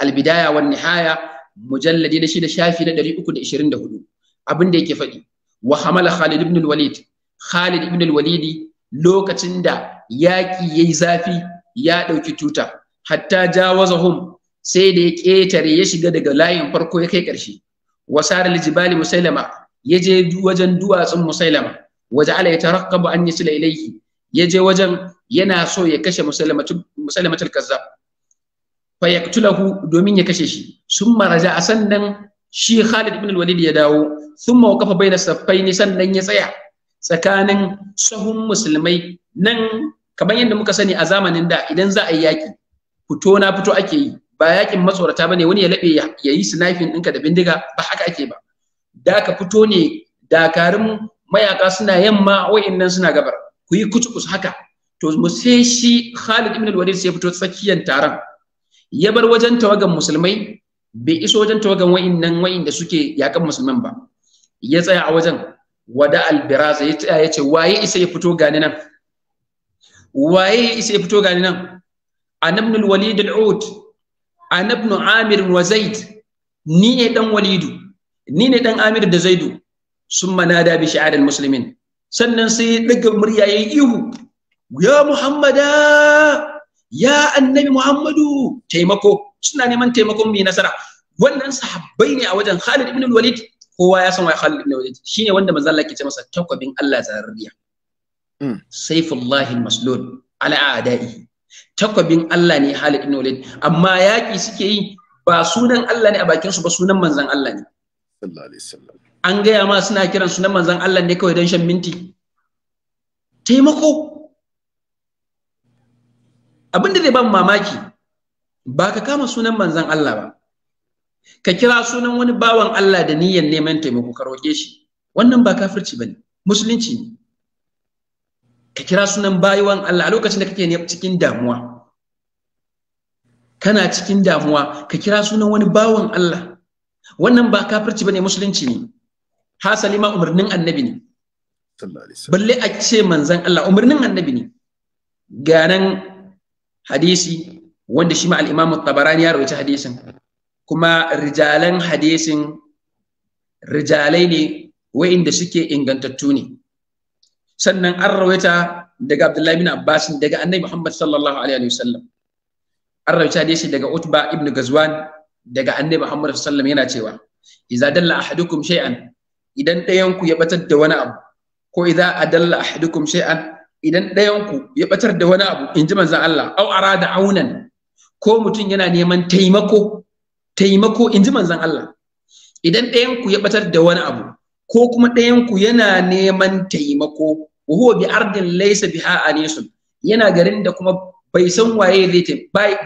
Speaker 4: al-Bidaya wan Nihaya mujalladi na shida shafi na 324 abin da yake faɗi wa hamala Khalid ibn al-Walid Khalid ibn al walidi lokacin da yaƙi yayi zafi ya ɗauki tuta hatta jawazahum sai da ya ƙetare ya shiga daga layin farko ya kai ƙarshe wasar Lijibali musailama ya je wajen duwatsun musailama waje ala ya taraqqabu an yasila ilayhi ya je wajen yana so ya kashe musailamatul kazzab fa domin ya kashe shi sun maraja a sannan shi Khalid ibn al-Walid ya dawo ثم وقف bai na saffai ni sannan ya tsaya tsakanin sahun musulmai nan kamar yadda muka sani a zamanin da idan za a yi yaki fito na fito ake yi ba yakin matsorata ba wani ya laɓe ya yi sinafin ɗinka da bindiga ba haka ake ba da ka fito ne dakarun mayaka suna yamma wa'innan suna gabar ku yi haka to mu sai shi Khalid ibn al-Walid sai fito tsakiyar taron ya bar wajen tawagan musulmai bai iso wajen tawagan wa'innan da suke yakan musulman ba ya tsaya a wajen wada Albiraza ya tsaya ya ce waye isa ya fito gani nan waye isa ya fito gani nan an walid al-ud an amir wa zaid ni ne dan walidu ni ne dan amir da zaidu Sun nada bi shi'ar muslimin sannan sai daga murya yayi ihu ya muhammada ya annabi muhammadu taimako suna neman taimakon mai nasara wannan sahabbai ne a wajen Khalid ibn al-Walid kowa ya san wa Khalid ibn Walid shine wanda manzo Allah ke ce masa takwabin Allah zarariya mm. saifullahi maslul ala a'da'ihi takwabin Allah ne Khalid ibn Walid amma yaki suke yi ba sunan Allah ne a bakin su ba sunan manzon Allah ne
Speaker 1: sallallahu alaihi wasallam
Speaker 4: an gaya ma suna kiran sunan manzon Allah ne kawai don shan minti taimako abinda zai ba mamaki ba ka kama sunan manzon Allah ba ka kira sunan wani bawan Allah da niyyar neman taimako ka roƙe shi wannan ba kafirci bane musulunci ne ka kira sunan bayan Allah a lokacin da kake cikin damuwa kana cikin damuwa ka kira sunan wani bawan Allah wannan ba kafirci bane musulunci ne hasali ma umarnin annabi ne balle a ce manzan Allah umarnin annabi ne ganan hadisi wanda shi ma al-Imam tabarani ya rawaita hadisin kuma rijalan hadisin rijalai ne wa'inda suke ingantattu ne sannan an rawaita daga Abdullahi bin Abbas daga Annabi Muhammad sallallahu alaihi wa sallam. an rawaita hadisi daga Utba ibn Gazwan daga Annabi Muhammad sallallahu yana cewa idza dalla ahadukum shay'an idan ɗayan ku ya batar da wani abu ko idza adalla ahadukum shay'an idan ɗayan ku ya batar da wani abu in ji manzon Allah au arada aunan ko mutum yana neman taimako taimako in ji manzon Allah idan ɗayanku ya batar da wani abu ko kuma ɗayanku yana neman taimako wa huwa bi ardin laysa biha anisun yana garin da kuma bai san waye zai ta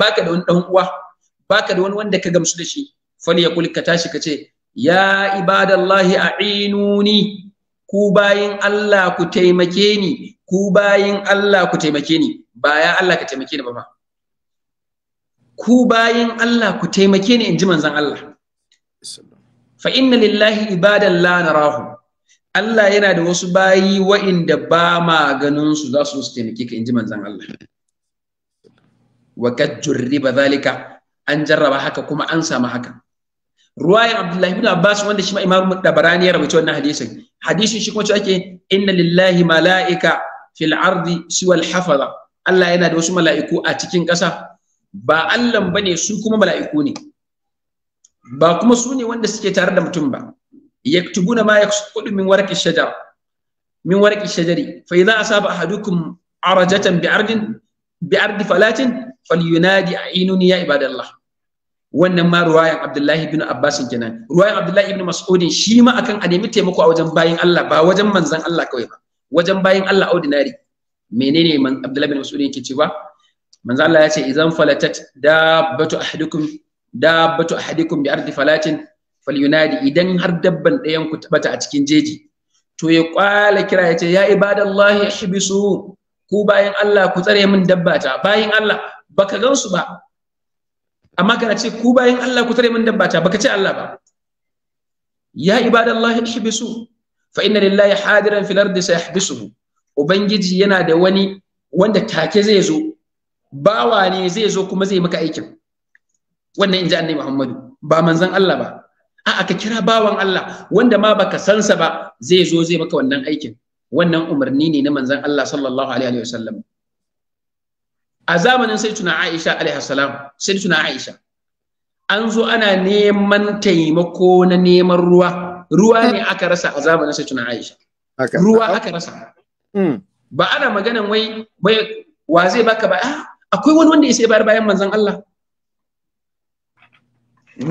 Speaker 4: baka da wani dan uwa baka da wani wanda ka gamsu da shi fal yaqul ka tashi ka ce ya ibadallahi a'inuni ku bayin Allah ku taimake ni ku bayin Allah ku taimake ni ba ya Allah ka taimake ni ba ma ku bayin Allah ku taimake ni in ji manzon Allah fa inna lillahi ibadan la narahu Allah yana da wasu bayi wa'inda ba ma ganin su za su taimake ka in ji manzon Allah wa kad jurriba zalika an jarraba haka kuma an samu haka ruwayan Abdullahi ibn Abbas wanda shi ma da Dabarani ya rubuta wannan hadisin hadisin shi kuma cewa ake inna lillahi mala'ika fil ardi siwal hafaza Allah yana da wasu mala'iku a cikin ƙasa ba Allahn bane su kuma mala'iku ne ba kuma su ne wanda suke tare da mutum ba yaktubuna ma yaqsudu min warqi shajar min warqi shajari fa idza a ahadukum arajatan bi ardin bi ardi falatin a inuni ya ibadallah wannan ma ruwayan Abdullahi bin Abbas kenan ruwayan Abdullahi bin Mas'udin shi ma akan a nemi taimako a wajen bayin Allah ba wajen manzan Allah kawai ba wajen bayin Allah ordinary menene Abdullahi ibn Mas'ud yake cewa manzo Allah ya ce idan falatat dabbatu ahadukum dabbatu ahadikum bi ardi falatin falyunadi idan har dabban ɗayan ku ta a cikin jeji to ya kwala kira ya ce ya ibadallahi ihbisu ku bayan Allah ku tsare min dabba ta bayan Allah baka gansu ba amma kana ce ku bayan Allah ku tsare min dabba ta baka ce Allah ba ya ibadallahi ihbisu fa inna lillahi hadiran fil ardi sayahbisuhu ubangiji yana da wani wanda take zai zo bawa ne zai zo kuma zai maka aikin wannan in ji annabi Muhammadu ba manzan Allah ba a'a ka kira bawan Allah wanda ma baka sansa ba zai zo zai maka wannan aikin wannan umarni ne na manzan Allah sallallahu alaihi wasallam a zamanin sai tuna Aisha alaihi salam sai tuna Aisha an zo ana neman taimako na neman ruwa ruwa ne aka rasa a zamanin sai tuna Aisha ruwa aka rasa hmm. ba ana maganin wai wai wa zai baka ba akwai wani wanda ya sai bayar bayan manzon Allah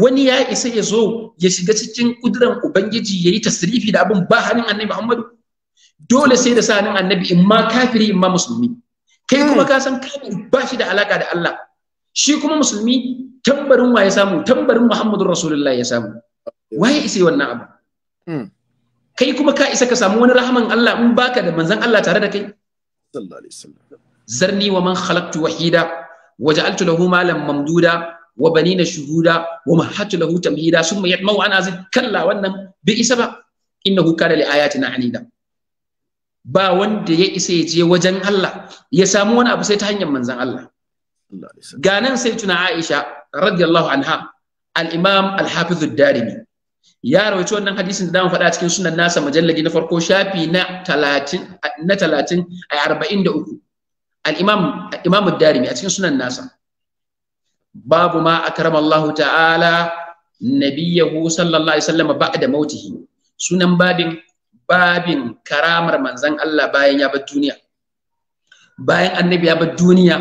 Speaker 4: wani ya isa ya zo ya shiga cikin kuduran ubangiji ya yi tasrifi da abin ba hannun annabi muhammadu dole sai da sa hannun annabi in ma kafiri in ma musulmi kai kuma ka san kafiri ba shi da alaka da Allah shi kuma musulmi tambarin wa ya samu tambarin Muhammadu rasulullah ya samu waye isa wannan abu hmm. kai kuma ka isa ka samu wani rahaman Allah in baka da manzon Allah tare da kai
Speaker 1: sallallahu alaihi wasallam
Speaker 4: zarni wa man khalaqtu wahida waja'altu lahu malan mamduda wa banina shuhuda wa mahatu lahu tamhida summa yatma'u ana azid kalla wannan bi isa ba innahu kana li ayatina anida ba wanda ya isa ya je wajen Allah ya samu wani abu sai ta hanyar manzon Allah ganan sai tuna Aisha radiyallahu anha al-Imam al-Hafiz ad-Darimi ya rawaito wannan hadisin da zamu faɗa cikin sunan nasa majalladi na farko shafi na talatin a arba'in da uku. al-imam imam ad-darimi a cikin sunan nasa babu ma akrama Lahu ta'ala Nabiyyahu sallallahu alaihi sunan babin karamar manzan Allah bayan ya bar duniya bayan annabi ya bar duniya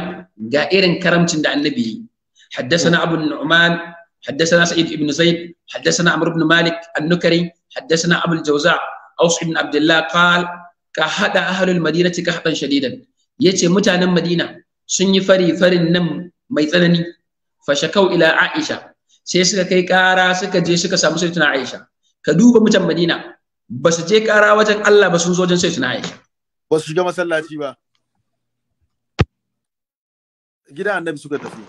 Speaker 4: ga irin karamcin da annabi yi حدثنا أبو النعمان حدثنا سعيد بن زيد حدثنا عمرو بن مالك النكري حدثنا أبو الجوزاء أوس بن عبد الله قال كحد أهل المدينة كحدا شديدا Ya ce mutanen Madina sun yi fari farin nan mai tsanani fashakau ila Aisha sai suka kai kara suka je suka samu tuna Aisha ka duba mutan Madina
Speaker 1: ba su je kara wajen Allah ba sun zo wajen tuna Aisha ba su shiga masallaci ba gidan annabi suka tafi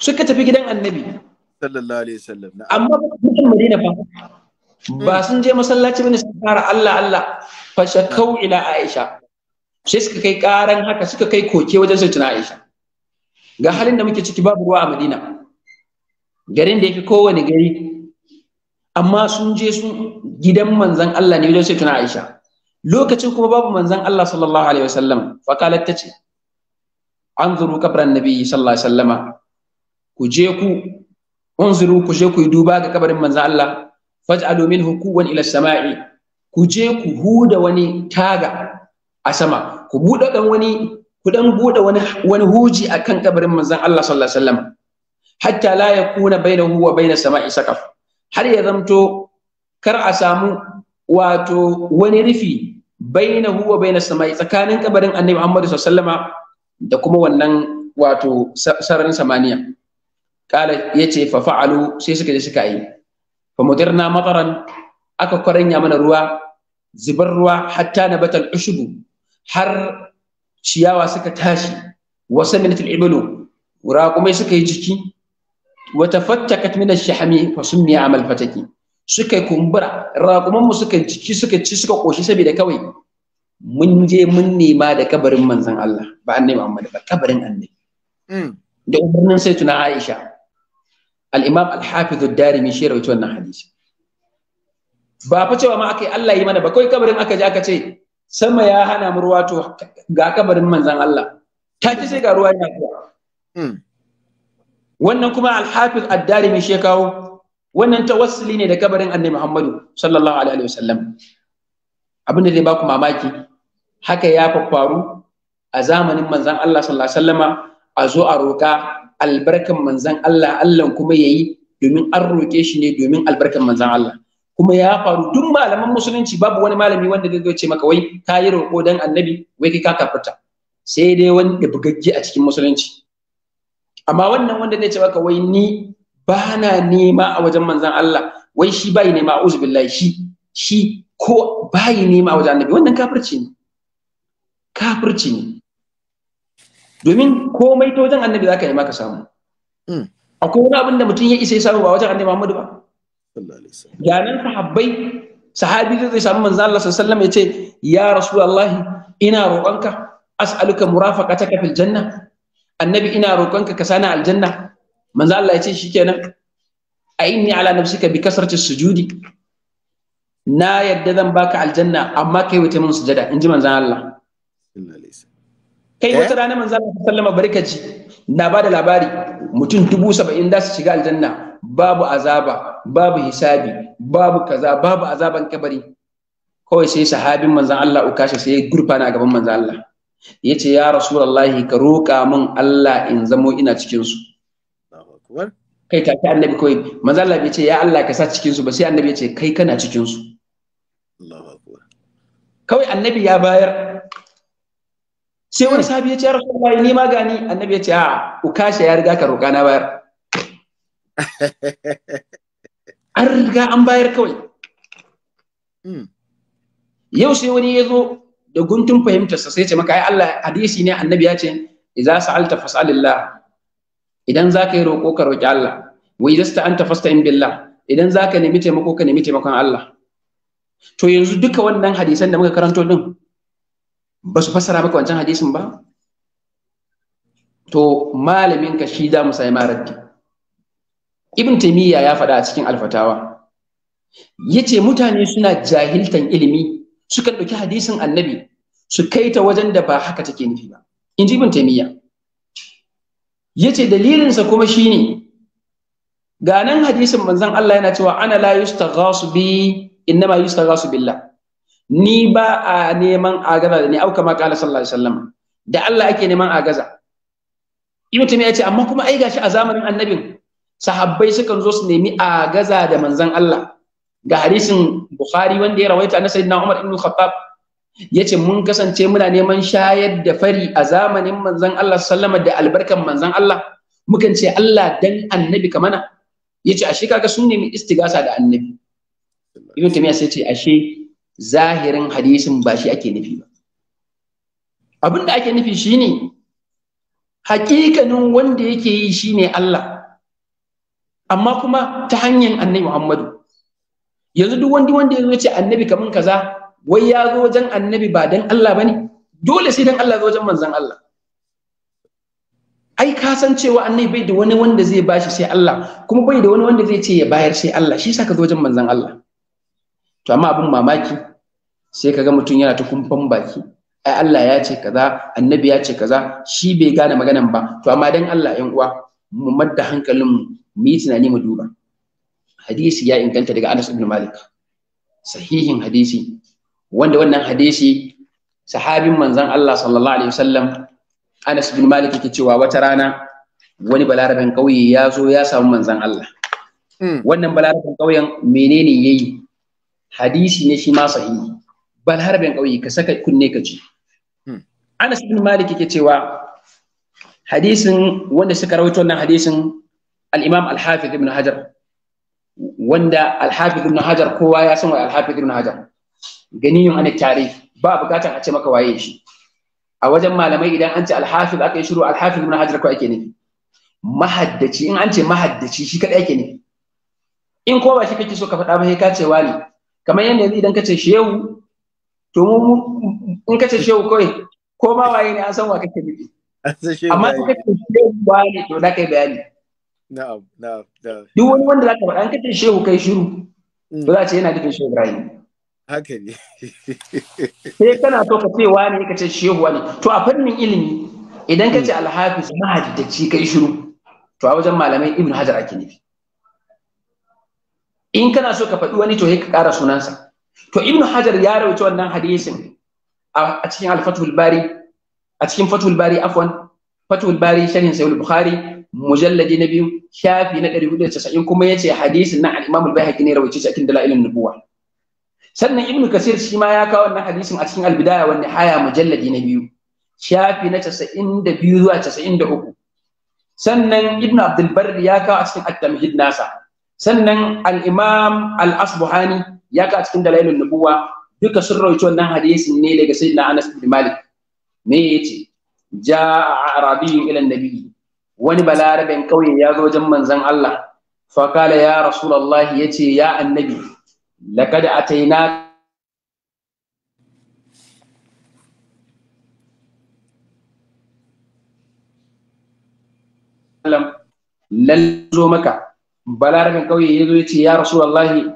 Speaker 1: suka tafi gidan annabi sallallahu alaihi wasallam
Speaker 4: amma mutan Madina fa ba hmm. sun je masallaci ba ne su fara Allah Allah fashakau ila Aisha sai suka kai karan haka suka kai koke wajen sai Aisha ga halin da muke ciki babu ruwa a Madina garin da yake kowane gari amma sun je sun gidan manzan Allah ne wajen sai tuna Aisha lokacin kuma babu manzan Allah sallallahu alaihi wasallam fa kalat an anzuru kabran nabiyyi sallallahu alaihi wasallama ku je ku unzuru ku je ku yi duba ga kabarin manzan Allah faj'alu minhu quwwan ila samai ku je ku huda wani taga a sama ku buɗe ɗan wani ku ɗan buɗe wani wani huji akan kabarin manzon Allah sallallahu alaihi wasallam hatta la yakuna bainahu wa baina sama'i saqaf har ya zamto kar a samu wato wani rufi bainahu wa baina sama'i tsakanin ƙabarin annabi Muhammad sallallahu alaihi da kuma wannan wato sararin samaniya kala yace fa fa'alu sai suka je suka yi fa mudirna mataran aka kwaranya mana ruwa zubar ruwa hatta nabatal ushubu har ciyawa suka tashi wasu minatul ibilu raƙumai suka yi jiki wata fattakat min ash-shahmi fa summiya amal fataki suka kumbura raƙuman mu suka jiki suka ci suka koshi saboda kawai mun je mun nema da kabarin manzon Allah ba annabi Muhammad ba kabarin annabi mm. da umarnin sai tuna Aisha al-Imam al-Hafiz ad-Darimi shi rawaito wannan hadisi ba fa cewa ma akai Allah yi mana ba kai kabarin aka je aka ce sama ya hana mu ruwa to ga kabarin manzan Allah ta ce sai ga ruwa ya zuwa hmm. wannan kuma ad addarimi mi shekawo wannan tawassuli ne da kabarin annabi Muhammadu sallallahu alaihi wasallam abin da zai baku mamaki haka ya faru a zamanin manzon Allah sallallahu alaihi wasallama a zo a roka albarkan manzon Allah Allah kuma yayi domin an roke shi ne domin albarkan manzon Allah kuma ya faru duk malaman musulunci babu wani malami wanda zai ce maka wai ka yi roƙo dan annabi wai kai ka kafarta. sai dai wani bugagge a cikin musulunci amma wannan wanda zai ce maka wai ni ba na nema a wajen manzon Allah wai shi bai nema a'udhu billahi shi shi ko bai nema a wajen annabi wannan kafirci ne kafirci ne domin komai ta wajen annabi zaka nema ka samu hmm. akwai wani abin da mutum ya isa ya samu ba wajen annabi Muhammadu ba gyanan sahabbai sahabi zai samu manzo Allah sallallahu alaihi wasallam ya ce ya rasulullahi ina roƙonka as'aluka ta kafin janna annabi ina roƙonka ka sana aljanna manzo Allah ya ce shikenan a inni ala nafsika bi kasrati sujudi na yadda zan baka aljanna amma kai wata mun sujada ji manzan Allah kai wata eh? rana manzo Allah sallallahu alaihi wasallam barkaci na bada labari mutum dubu saba'in da su shiga aljanna babu azaba babu hisabi babu kaza babu azaban kabari kawai sai sahabin manzan Allah ukasha sai gurfana a gaban manzan Allah ya ce ya rasulallahi ka roƙa min Allah in zamo ina cikin su kai ta annabi kawai manzan Allah ya ce ya Allah ka sa cikin su ba sai annabi ya ce kai kana cikin su kawai annabi ya bayar sai wani sahabi ya ce ya rasulallahi ni ma gani annabi ya ce a ukasha ya riga ka roƙa na bayar an riga an bayar kawai hmm. yau sai wani ya zo da guntun fahimtarsa sai ce maka ai Allah hadisi ne annabi ya ce idza sa'alta fas'alillah idan zaka yi roƙo ka roƙi Allah wa idza sta'anta fasta'in billah idan zaka nemi taimako ka nemi taimakon Allah to yanzu duka wannan hadisan da muka karanto din ba su fassara maka wancan hadisin ba to malamin ka shi da musa maraddi ibn taimiyya ya faɗa a cikin alfatawa ya ce mutane suna jahiltan ilimi sukan ɗauki hadisin annabi su kai ta wajen da ba haka take nufi ba in ji ibn ya ce dalilinsa kuma shine ga nan hadisin manzon Allah yana cewa ana la yustaghasu bi inna innama yustaghasu billah ni ba a neman agaza da ni auka ma kala sallallahu alaihi wasallam da Allah ake neman agaza ibn Taymiyyah ya ce amma kuma ai gashi a zamanin annabin sahabbai sukan zo su nemi a gaza da manzan Allah ga hadisin Bukhari wanda ya rawaita na Sayyidina Umar ibn Khattab yace mun kasance muna neman shayar da fari a zamanin manzan Allah sallama da albarkan manzan Allah mukan ce Allah dan annabi kamana yace ashe kaga sun nemi istigasa da annabi Ibn Taymiyyah sai ce ashe zahirin hadisin ba shi ake nufi ba abin da ake nufi shine hakikanin wanda yake yi shine Allah amma kuma ta hanyar annabi Muhammadu yanzu duk wanda wanda ya ce annabi kamar kaza wai ya zo wajen annabi ba dan Allah bane dole sai dan Allah zo wajen manzon Allah ai ka san cewa annabi bai da wani wanda zai bashi sai Allah kuma bai da wani wanda zai ce ya bayar sai Allah shi yasa ka zo wajen manzon Allah to amma abin mamaki sai kaga mutum yana ta kumfan baki ai Allah ya ce kaza annabi ya ce kaza shi bai gane maganan ba to amma dan Allah yan uwa mu madda hankalinmu. mu yi tunani mu duba hadisi ya inganta daga Anas ibn Malik sahihin hadisi wanda wannan hadisi sahabin manzon Allah sallallahu alaihi wasallam Anas ibn Malik yake cewa wata rana wani balarabin kauye ya zo ya samu manzon Allah hmm. wannan balarabin kauyen menene yayi hadisi ne shi ma sahihi balarabin kauye ka saka kunne ka ji hmm. Anas ibn Malik yake cewa hadisin wanda suka rawaito wannan hadisin al-imam al-hafiz ibn hajar wanda al-hafiz ibn hajar kowa ya san wa al-hafiz ibn hajar ganiyun an tarif ba bukatan a ce maka waye shi a wajen malamai idan an ce al-hafiz aka yi shiru al-hafiz ibn hajar ko ake ne? mahaddaci in an ce mahaddaci shi kadai ake ne? in ko ba shi kake so ka faɗa ba sai ka ce wani kamar yanda yanzu idan ka ce shehu to mu in ka ce shehu kawai ko ma waye ne an san wa kake nufi amma in ka ce shehu wani to da kai bayani
Speaker 1: na'am na'am
Speaker 4: duk wani wanda zaka faɗa an kace shehu kai shiru mm. ba za ce yana nufin shehu Ibrahim
Speaker 1: haka ne [LAUGHS]
Speaker 4: sai kana so ka ce wani ka ce shehu wani to a fannin ilimi idan ka ce mm. alhafiz mahaddaci kai shiru to a wajen malamai ibn hajar ake nufi in kana so ka faɗi wani to sai ka ƙara sunansa to ibn hajar ya rawaita wannan hadisin a cikin alfatul bari a cikin fatul bari afwan fatul bari sharhin sahih bukhari mujalladi na biyu shafi na 490 kuma yace hadisin na al-Imam al-Baihaqi ne rawaice shi a cikin dalailin nubuwa sannan Ibn Kasir shi ya kawo wannan hadisin a cikin al-Bidaya wa Nihaya mujalladi na biyu shafi na 92 zuwa 93 sannan Ibn Abdul ya kawo a cikin at-Tamhid nasa sannan al al-Asbuhani ya kawo a cikin nubuwa duka sun rawaice wannan hadisin ne daga Sayyidina Anas bin Malik me yace جاء أعرابي إلى النبي wani balarabin ƙauye ya zo wajen manzon Allah fa kala ya rasulullahi yace ya annabi laqad ataina lan zo maka balarabin ƙauye ya zo ya ce ya rasulullahi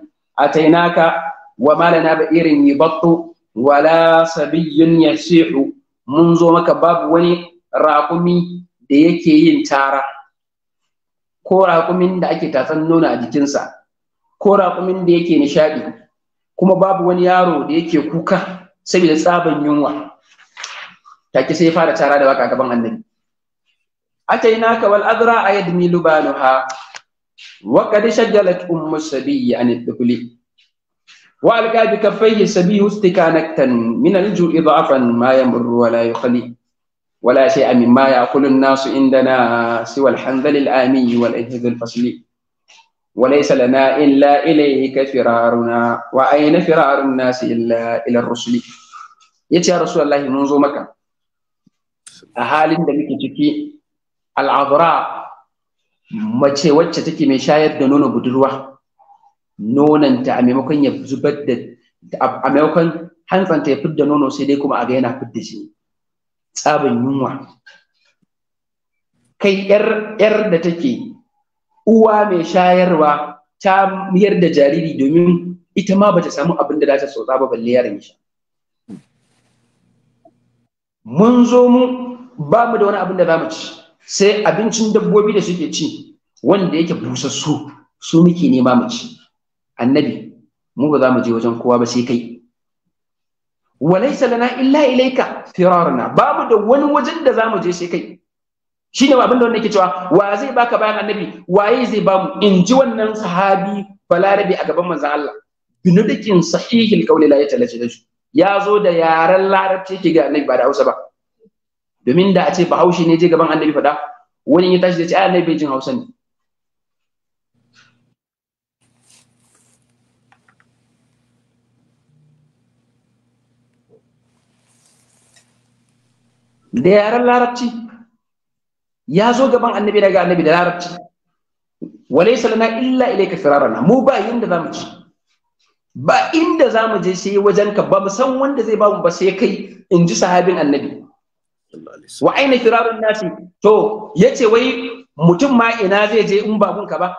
Speaker 4: ka wa malana ba irin yibattu wala sabiyyun yasihu mun zo maka babu wani raƙumi da yake yin tara ko raƙumin da ake tatsan nuna a jikinsa ko raƙumin da yake nishaɗi kuma babu wani yaro da yake kuka saboda tsaban yunwa take sai fara tara da waka gaban annabi atainaka wal azra ayadmi lubanuha wa qad shajjalat ummu sabiyyi an ad-dukhuli وألقى بكفيه السبي استكانة من الجوع ضعفا ما يمر ولا يخلي ولا شيء مما يأكل الناس عندنا سوى الحنظل الآمي والإجهز الفصلي وليس لنا إلا إليك فرارنا وأين فرار الناس إلا إلى الرسل يا رسول الله منذ مكة أهالي دمك تكي العذراء mace wacce take mai shayar da nono budurwa nonanta a maimakon ya zubar da a maimakon hantsanta ya fidda nono sai dai kuma a ga yana fidda jini Tsabin yunwa kai yar da take uwa mai shayarwa ta miyar da jariri domin ita ma bata samu abin da za ta tsotsa ba balle yaron shi mun zo mu ba mu da wani abin da za mu ci sai abincin dabbobi da suke ci wanda yake busassu su muke nema mu ci annabi mu ba za mu je wajen kowa ba sai kai walaysa lana illa ilayka firarna babu da wani wajen da zamu je sai kai shine abin da wannan yake cewa wa zai baka bayan annabi waye zai bamu in ji wannan sahabi balarabi a gaban manzon Allah binudikin sahihil qawli la yatalajaju ya zo da yaren larabci yake ga annabi ba da Hausa ba domin da a ce bahaushe ne je gaban annabi faɗa wani ya tashi da ce annabi jin Hausa ne da yaren larabci ya zo gaban annabi daga annabi da larabci walaysa lana illa ilayka firarana mu ba yadda za mu ci ba inda za mu je sai wajen ka ba mu san wanda zai ba mu ba sai kai in ji sahabin annabi wa aina firarun nasi to yace wai mutum ma ina zai je in ba gunka ba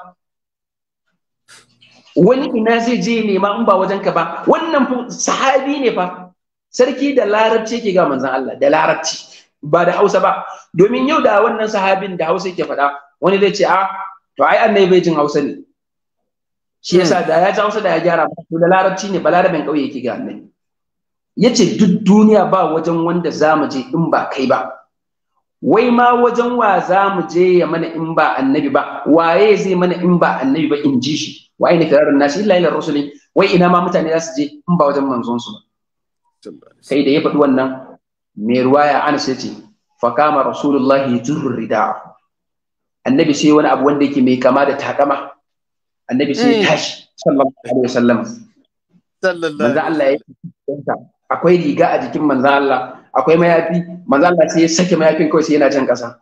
Speaker 4: wani ina zai je nema in ba wajen ka ba wannan sahabi ne fa sarki da larabci ke ga manzon Allah da larabci ba da Hausa ba domin yau da wannan sahabin da Hausa yake faɗa wani zai ce a ah, to ai annabi bai jin Hausa ne shi yasa da ya ji Hausa da ya gyara to da larabci ne balarabin kauye yake ga annabi yace duk duniya ba wajen wanda za mu je in ba kai ba wai ma wajen wa za mu je ya mana in ba annabi ba waye zai mana in ba annabi ba in ji shi waye ne kararin nashi illa ila rusuli wai ina ma mutane za su je in ba wajen manzon su ba sai da ya faɗi wannan mai ruwaya anas ya ce fakama rasulullahi jurur rida annabi sai wani abu wanda yake mai kama da takama annabi sai ya eh. tashi sallallahu alaihi wasallam manzo Allah ya kanta akwai riga a jikin manzo Allah akwai mayafi manzo Allah sai ya sake mayafin kawai sai yana jan kasa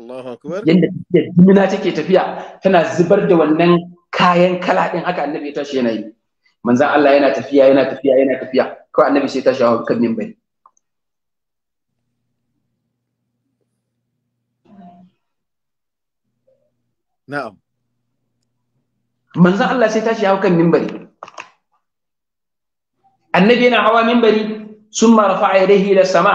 Speaker 1: Allahu akbar
Speaker 4: yanda jimina take tafiya tana zubar da wannan kayan kala din haka annabi ya tashi yana yi manzo Allah yana tafiya yana tafiya yana tafiya kawai annabi sai ya tashi a kan minbari na'am manzon Allah sai tashi hau kan mimbari. annabi yana hawa mimbari, summa rafa'a yadayhi ila sama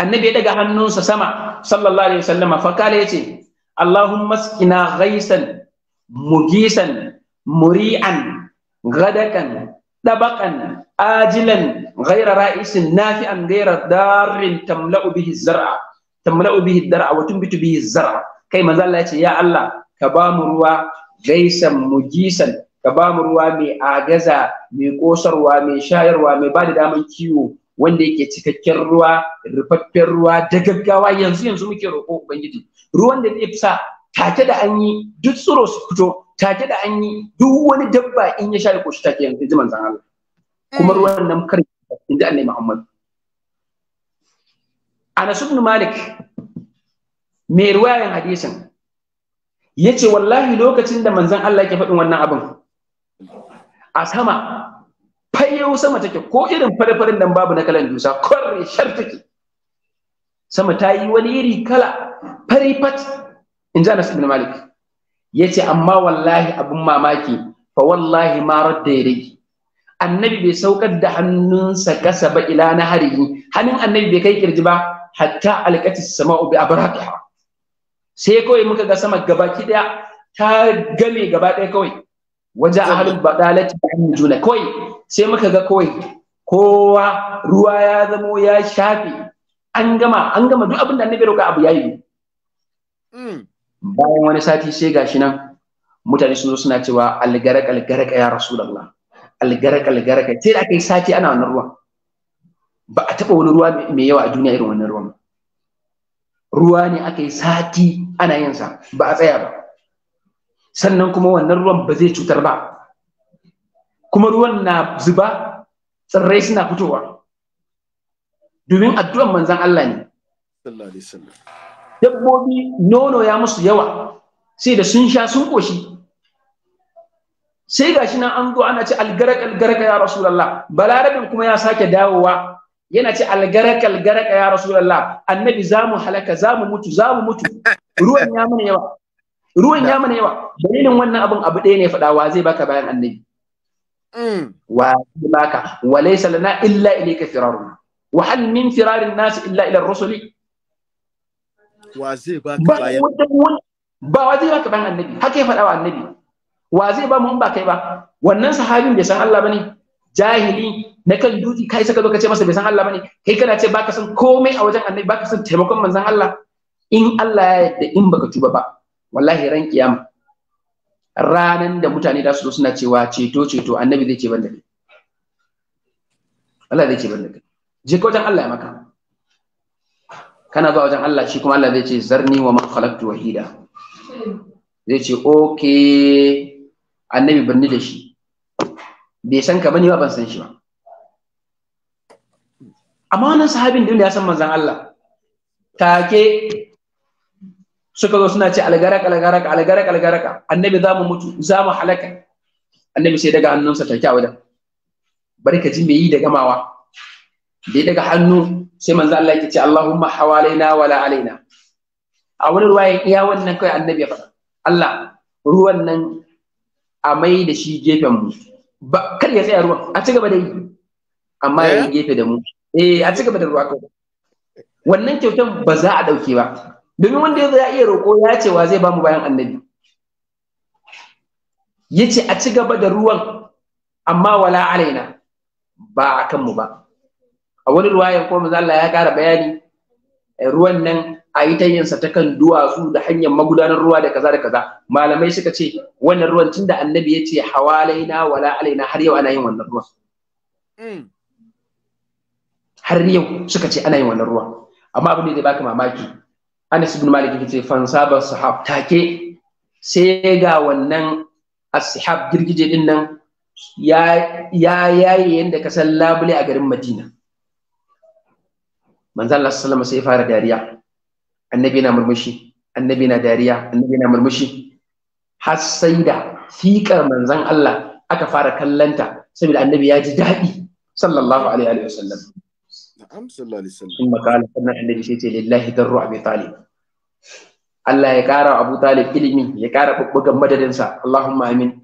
Speaker 4: annabi ya daga hannunsa sama sallallahu alaihi wasallama fa yace Allahumma askina ghaisan mugisan muri'an gadakan dabakan ajilan ghaira ra'isin nafi'an ghaira darrin tamla'u bihi zar'a tamla'u bihi dar'a wa tunbitu bihi zar'a kai manzo Allah ya ce ya Allah ka ba mu ruwa gaisan mugisan ka ba mu ruwa mai agaza mai kosarwa mai shayarwa mai ba da daman kiwo wanda yake cikakken ruwa rufaffen ruwa da gaggawa yanzu yanzu muke roƙo ubangiji ruwan da zai fisa take da an yi duk tsoro su fito take da an yi duk wani dabba in ya sha ko shi take yanzu ji manzon Allah kuma eh. ruwan nan kar inda Annabi Muhammad Anas ibn Malik mai ruwayan hadisin ya ce wallahi lokacin da manzan Allah ke faɗin wannan abin a sama fayyau sama take ko irin fare-faren nan babu na kalan dusa kwarre shar take sama ta yi wani iri kala fari fat in ji Anas ibn Malik ya ce amma wallahi abin mamaki fa wallahi ma radda ya rage annabi bai saukar da hannunsa kasa ba ila na harihi hannun annabi bai kai kirji ba hatta alƙatis sama'u bi abraqiha sai kawai muka ga sama gabaki daya ta game gaba daya kawai wajen ahalin badalati juna kawai sai muka ga kawai kowa ruwa ya zamo ya shafe an gama an gama duk abin da annabi roƙa abu yayi hmm. bayan wani sati sai gashi nan mutane sun zo suna cewa algarak algarak ya rasulullah algarak algarak sai da kai yi sati ana wannan ruwan ba a taɓa wani ruwa mai yawa a duniya irin wannan ruwan ruwa ne aka yi sati ana yinsa ba a tsaya ba sannan kuma wannan ruwan ba zai cutar ba kuma ruwan na zuba tsirrai suna fitowa domin addu'an manzan Allah ne dabbobi nono ya musu yawa sai da sun sha sun koshi sai gashi nan an zo ana ce algaraka-algaraka, ya Rasulallah. balarabin kuma ya sake dawowa yana ce algaraka algaraka ya rasulullah annabi za zamu halaka mu mutu za mu mutu ruwan ya mana yawa ruwan ya mana yawa dalilin wannan abin abu ɗaya ne faɗa wa zai baka bayan annabi mm. wa zai baka wa laysa lana illa ilayka firaruna wa hal min firarin nas illa ila ar-rusuli wa zai baka bayan ba wa zai baka bayan annabi haka ya faɗa wa annabi wa zai ba mu ba kai ba wannan sahabin bai san Allah bane jahili na kan dutse kai saka zo ka ce masa bai san Allah bane kai kana ce baka san komai a wajen annabi baka san taimakon manzon Allah in Allah ya yarda in baka tuba ba wallahi ran kiyama ranan da mutane da su zo suna cewa ceto ceto annabi zai ce ban da kai Allah zai ce ban da kai je ka wajen Allah ya maka kana zuwa wajen Allah shi kuma Allah zai ce zarni wa man khalaqtu wahida zai ce okay annabi banni da shi bai san ka bane ba ban san shi ba amma wannan sahabin da ya san manzon Allah take suka zo suna ce algarak algarak algarak algarak annabi za mu mutu za mu halaka annabi sai daga hannunsa take a wajen bari ka ji me yi da gamawa da daga hannu sai manzo Allah yake ce Allahumma hawalaina wala alaina a wani ruwaya iya wannan kai annabi ya faɗa Allah ruwan nan a mai da shi gefen mu ba kar ya tsaya ruwan a ci gaba da yi amma ya yi eh? gefe da mu eh a ci gaba da ruwa kawai wannan kyautan ba za a ɗauke ba domin wanda ya iya roƙo ya ce wa zai mu bayan annabi ya ce a ci gaba da ruwan amma wala alaina ba a kanmu ba a wani ruwayan ko Allah ya ƙara bayani eh, ruwan nan a yi ta ta kan duwatsu da hanyar magudanar ruwa da kaza da kaza malamai suka ce wannan ruwan tunda annabi ya ce hawalaina wala alaina har yau ana yin wannan ruwan mm. har yau suka ce ana yin wannan ruwa amma abin da zai baka mamaki Anas ibn Malik yake ce fan saba sahab take sai ga wannan ashab girgije din nan ya ya yayi yanda ka san labule a garin Madina manzo Allah sallallahu sai fara dariya annabi na murmushi annabi na dariya annabi na murmushi har sai da fiƙar manzan Allah aka fara kallanta saboda annabi ya ji daɗi sallallahu alaihi wa sallam.
Speaker 1: na'am sallallahu alaihi wasallam kuma kala
Speaker 4: sannan ce lillahi darru abi talib Allah ya kara Abu Talib ilimi ya kara bubbugan madadinsa Allahumma amin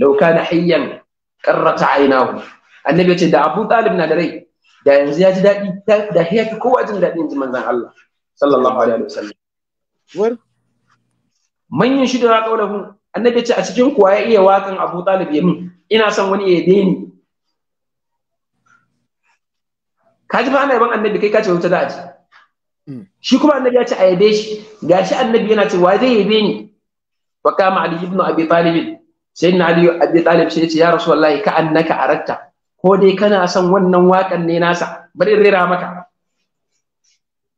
Speaker 4: law kana hayyan qarrata aynahu annabi ya ce da Abu Talib na da rai da yanzu ya ji daɗi da hayyaka kowa jin dadi ji manzon Allah sallallahu alaihi wasallam war manyan shi da qaulahu annabi ya ce a cikin kuwa ya iya wakan Abu Talib yamin ina son wani ya deni ka ji ana yaban annabi kai ka ce wuta da aji hmm. shi kuma annabi ya ce a yabe shi gashi annabi yana ce wa zai yabe ni wa kama ali ibn abi talib sayyidina ali abi talib sai ya ce ya rasulullahi ka annaka aratta ko dai kana son wannan wakan ne nasa bari rera maka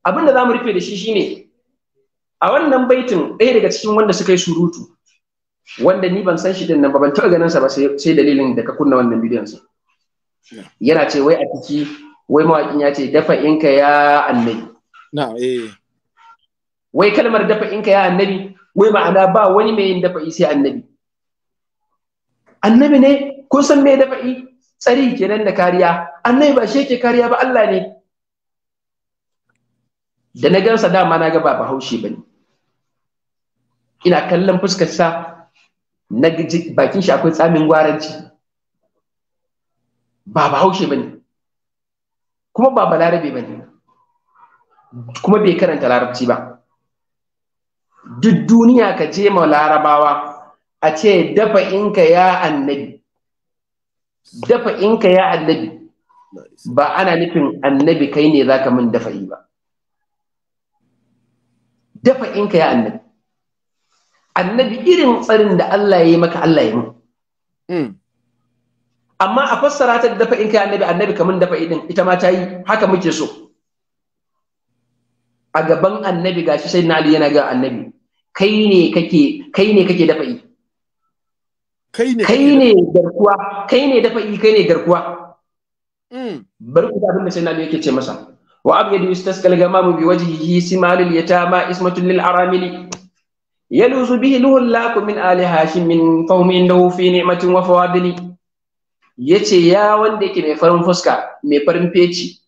Speaker 4: abin da zamu rufe da shi shine a wannan baitin ɗaya daga cikin wanda suka yi surutu wanda ni ban san shi din nan ba ban taɓa ganin sa ba sai dalilin da ka kunna wannan bidiyon sa yana ce wai a ciki wai mawaƙin ya ce dafa inka ya annabi eh. wai kalmar dafa inka ya annabi wai ma'ana ba wani mai yin dafa'i sai annabi annabi ne kun san me dafa'i tsari kenan da kariya annabi ba shi yake kariya ba Allah ne da na gansa dama na ga ba bahaushe bane ina kallon fuskar sa na bakin shi akwai tsamin gwaranci ba bahaushe bane kuma ba balarabe ba ne kuma bai karanta larabci ba duk duniya ka je ma larabawa a ce dafa inka ya annabi dafa inka ya annabi ba ana nufin annabi kai ne zaka min yi ba dafa inka ya annabi annabi irin tsarin da Allah ya yi maka Allah ya yi amma a fassara ta da dafa in kai annabi annabi kamun dafa idin ita ma ta yi haka muke so a gaban annabi gashi sai na ali yana ga annabi kai ne kake kai ne kake dafa yi kai ne kai ne garkuwa kai ne dafa i kai ne garkuwa mm. bari ku abin da sai na ali yake ce masa wa abyadu istaskal gamamu bi wajhihi simalul yatama ismatul lil aramili bihi به lakum min ali hashim min فهم dawfi ni'matin wa fawadili ya ce ya wanda yake mai farin fuska mai farin feci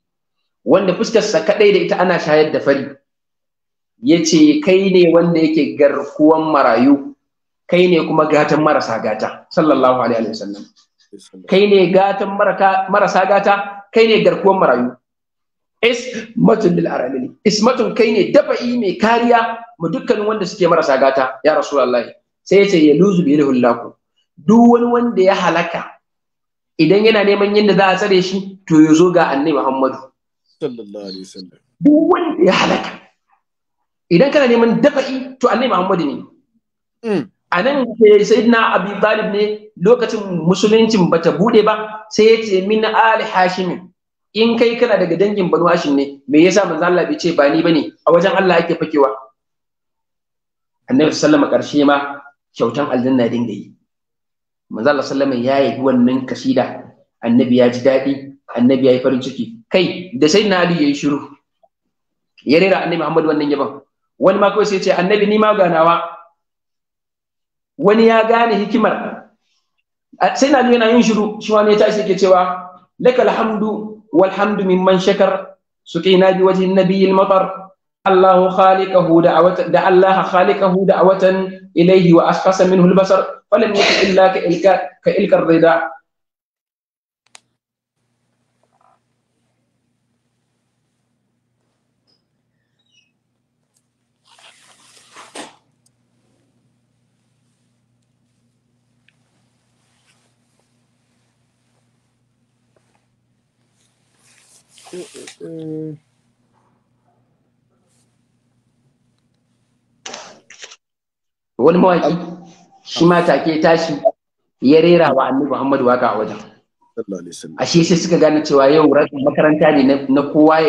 Speaker 4: wanda fuskarsa kaɗai da ita ana shayar da fari ya ce kai ne wanda yake garkuwan marayu kai ne kuma gatan marasa gata sallallahu alaihi sallam kai ne gatan marasa gata kai ne garkuwan marayu ismatun lil aramini ismatun kai ne dafa'i mai kariya mu dukkanin wanda suke marasa gata ya rasulullahi sai ya ce ya luzu bi lakum duk wani wanda ya halaka idan yana neman yadda za a tsare shi to ya zo ga annabi Muhammadu sallallahu alaihi wasallam duk wanda ya halaka idan kana neman dafa'i to annabi Muhammadu ne mm. a nan sayyidina Abi Talib ne lokacin musuluncin ta bude ba sai ya ce min ali hashim in kai kana daga dangin banu hashim ne me yasa manzo Allah bai ce ba ni bane a wajen Allah ake fakewa annabi sallallahu alaihi wasallam karshe ma kyautan aljanna dinga yi manzo Allah sallama ya yi wannan kasida annabi ya ji daɗi annabi ya yi farin ciki kai da sai na Ali ya yi shiru ya rera annabi Muhammad wannan yaban wani ma kawai sai ce annabi ni ma ganawa wani ya gane hikimar sai na yana yin shiru shi wani ya tashi yake cewa lakal hamdu wal hamdu mimman shakar suqina bi wajhi nabiyil matar الله خالقه دعوة دع الله خالقه دعوة إليه وأشخص منه البصر فلم يكن إلا كإلك كإلك الرضا
Speaker 1: Mm-mm.
Speaker 4: wani mawaki shi ma take tashi ya rera wa annabi Muhammadu waka a wajen ashe sai suka gane cewa yau makaranta ne na kowa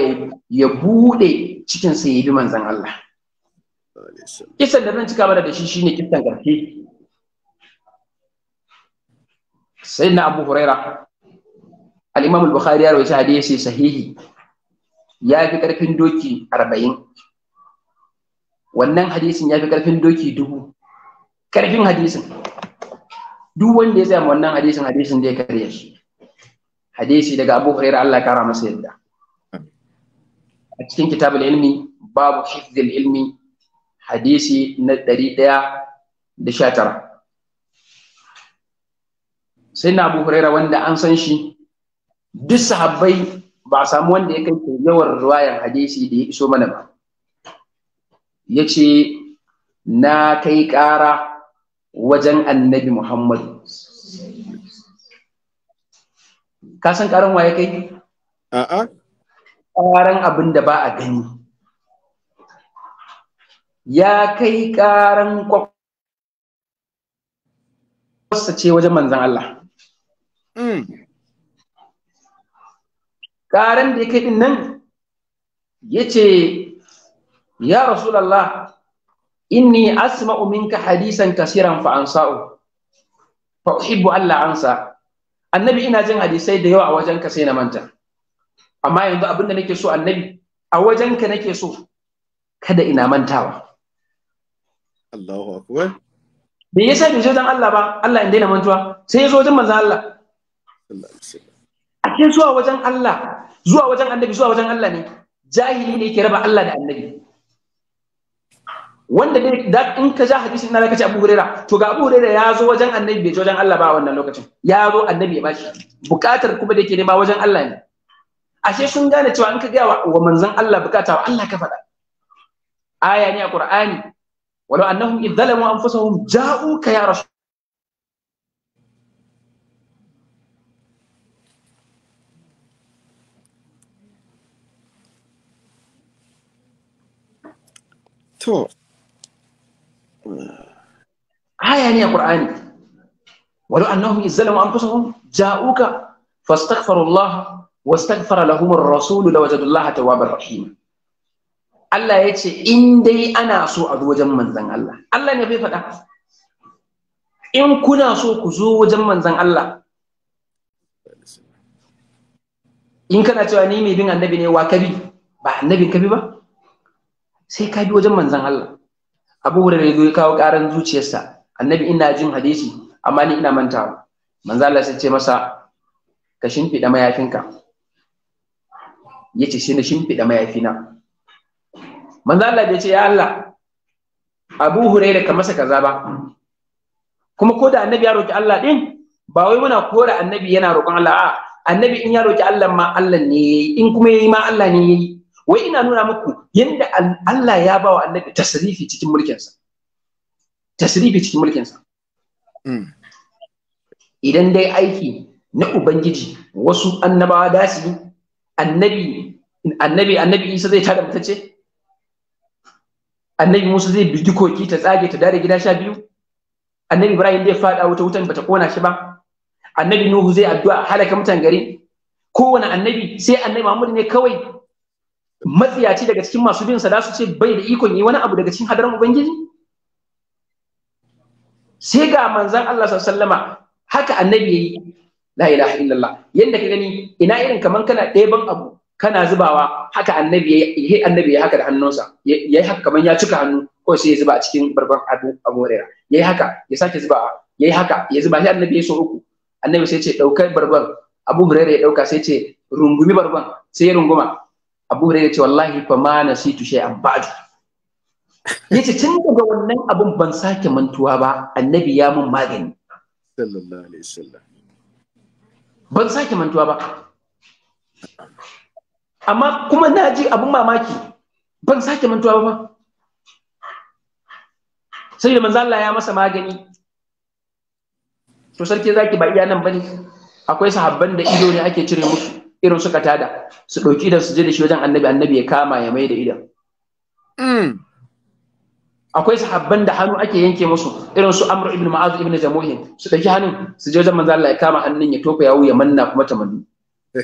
Speaker 4: ya bude cikin sa yi zan Allah kisan da zan cika mana da shi shine kisan garke sai na Abu Huraira al'imam al-Bukhari ya rawaita hadisi sahihi ya fi karfin doki arba'in wannan hadisin ya fi karfin doki dubu karfin hadisin duk wanda ya tsaya wannan hadisin hadisin zai kare shi hadisi daga Abu Hurairah Allah kara masa yadda a cikin kitabul ilmi babu shifdil ilmi hadisi na ɗari ɗaya da sha tara sai na abu huraira wanda an san shi duk sahabbai ba a samu wanda ya kai yawan ruwayan hadisi da ya iso mana ba ya ce na kai ƙara wajen annabi Muhammadu. Ka san karin waye kai? A'a. Ƙaran abin da ba a gani. Ya kai ƙaran kwakwasa ce wajen manzan Allah. Mm. Ƙaran da ya kai nan ya ce, Ya Rasulallah, inni asma'u minka hadisan kasiran fa ansa'u fa uhibbu alla ansa annabi ina jin hadisai da yawa a wajenka sai na manta amma yanzu abin da nake so annabi a wajenka nake so kada ina mantawa
Speaker 1: Allahu akbar
Speaker 4: me yasa bai zo dan Allah ba Allah in daina mantuwa sai ya zo wajen manzon Allah ake zuwa wajen Allah zuwa wajen annabi zuwa wajen Allah ne jahili ne yake raba Allah da annabi wanda dai da in ka ja hadisin na kace Abu Huraira to ga Abu Huraira ya zo wajen Annabi bai je wajen Allah ba wannan lokacin ya zo Annabi ya bashi bukatar kuma da yake nema wajen Allah ne ashe sun gane cewa in ka ga wa manzon Allah bukata wa Allah ka faɗa aya ne a Qur'ani walau annahum idzalamu anfusahum ja'uka ya rasul To, aya ne a qur'ani walau annahum izzalamu anfusahum ja'uka fastaghfiru Allah wastaghfara lahum ar-rasul lawajadu Allah tawwabar rahim Allah ya ce in dai ana so a zo wajen manzan Allah Allah ne bai faɗa in kuna so ku zo wajen manzan Allah in kana cewa ni mai bin annabi ne wa kabi ba annabin kabi ba sai ka bi wajen manzan Allah abu hurairu ya ya kawo karan zuciyarsa annabi ina jin hadisi amma ni ina mantawa manzo Allah sai ce masa ka shimfiɗa mayafinka yace shi ne shimfiɗa mayafina manzo Allah bai ce ya Allah abu hurairu ka masa kaza ba kuma ko da annabi ya roki Allah din ba wai muna kora annabi yana roƙon Allah a annabi in ya roki Allah ma Allah ne in kuma yayi ma Allah ne yayi wai ina nuna muku yanda Allah ya ba wa annabi tasrifi cikin mulkinsa tasrifi cikin mulkinsa mm. idan dai aiki na ubangiji wasu annabawa da su annabi annabi annabi isa zai tada ce? annabi musa zai bi koki ta tsage ta dare gida sha biyu annabi ibrahim zai fada wuta wutan bata kona shi ba annabi nuhu zai addu'a halaka mutan gari kowane annabi sai annabi muhammad ne kawai matsiyaci daga cikin masu bin sa su ce bai da ikon yi wani abu daga cikin hadarin ubangiji sai ga manzon Allah sallama haka annabi yayi la ilaha illallah yanda ka gani ina irin kaman kana ɗeban abu kana zubawa haka annabi yayi annabi yayi haka da hannunsa yayi haka kaman ya cika hannu ko sai ya zuba a cikin barban abu abu yayi haka ya sake zubawa yayi haka ya zuba sai annabi ya so uku annabi sai ce daukar barban abu hurairah ya dauka sai ce rungumi barban sai ya runguma abu hurairah ce wallahi fa ma shay an ba'du yace tun daga wannan abun ban sake mantuwa ba annabi ya mun magani
Speaker 1: sallallahu alaihi wasallam
Speaker 4: ban sake mantuwa ba amma kuma na ji abin mamaki ban sake mantuwa ba sai da manzo Allah ya masa magani to sarki zaki ba iya nan bane akwai sahabban da ido ne ake cire musu irin suka tada su ɗauki idan su je da shi wajen annabi annabi ya kama ya mai da idan mm. akwai sahabban da hannu ake yanke musu irin su amr ibn ma'az ibn jamuhin su ɗauki hannun su je wajen manzo Allah ya kama hannun ya tofa yawo ya manna kuma tamanni [LAUGHS]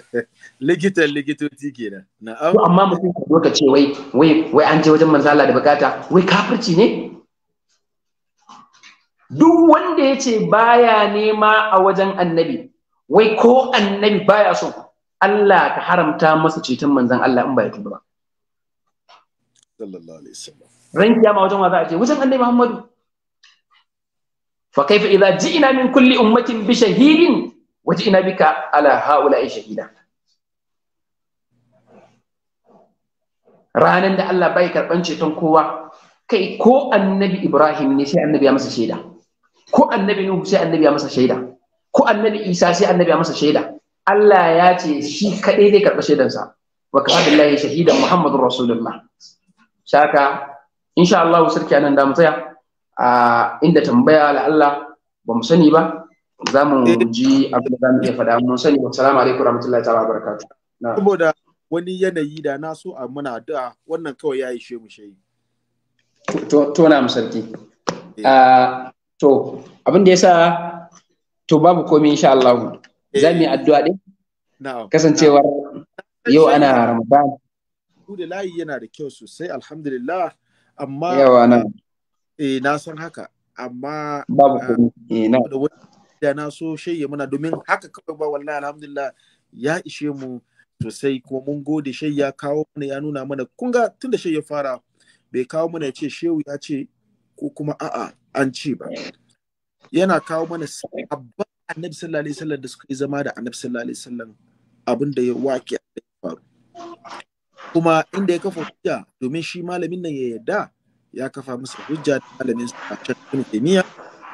Speaker 1: likitan likitoci kenan na'am amma
Speaker 4: mutum ka zo ka ce wai wai wai an je wajen manzo Allah da bukata wai kafirci ne duk wanda ya ce baya nema a wajen annabi wai ko annabi baya so Allah ka haramta masa ceton manzan Allah in ba ya tuba ba
Speaker 1: sallallahu alaihi wasallam
Speaker 4: ran kiyama wajen wa za a je wajen annabi Muhammadu fa kaifa idza ji'na min kulli ummatin bi shahidin wa ji'na bika ala haula'i shahida ranan da Allah bai karban ceton kowa kai ko annabi Ibrahim ne sai annabi ya masa shaida ko annabi Nuhu sai annabi ya masa shaida ko annabi Isa sai annabi ya masa shaida Allah ya ce shi kaɗai zai karɓi shaidansa wa kafa billahi shahidan muhammadur rasulullah shaka insha Allah sarki anan da mu tsaya a inda tambaya la Allah ba mu sani ba za mu ji abin da za mu iya faɗa mu sani wa salamu alaikum rahmatullahi ta'ala barakatu.
Speaker 1: saboda wani yanayi da na so a muna da wannan kawai ya yi mu shayi
Speaker 4: to na mu sarki eh. to abin da yasa to babu komai insha Allah Eh, za mu yi addu'a ɗin kasancewar yau ana ramadan
Speaker 1: ku da layi yana da kyau sosai alhamdulillah amma yawa na eh na san haka amma babu ah, eh na da wani da na so shayye muna domin haka kawai ba wallahi alhamdulillah ya ishe mu sosai kuma mun gode shai ya kawo mana ya nuna mana kun ga tun da shai ya fara bai kawo mana ya ce shehu ya ce ko kuma a'a an ce ba yana kawo mana sabbin annabi sallallahu alaihi wasallam da suka yi zama da annabi sallallahu alaihi wasallam abin da ya waki ya faru kuma inda ya kafa hujja domin shi malamin nan ya yarda ya kafa masa hujja da malamin sa Sheikh Ibn Taymiyyah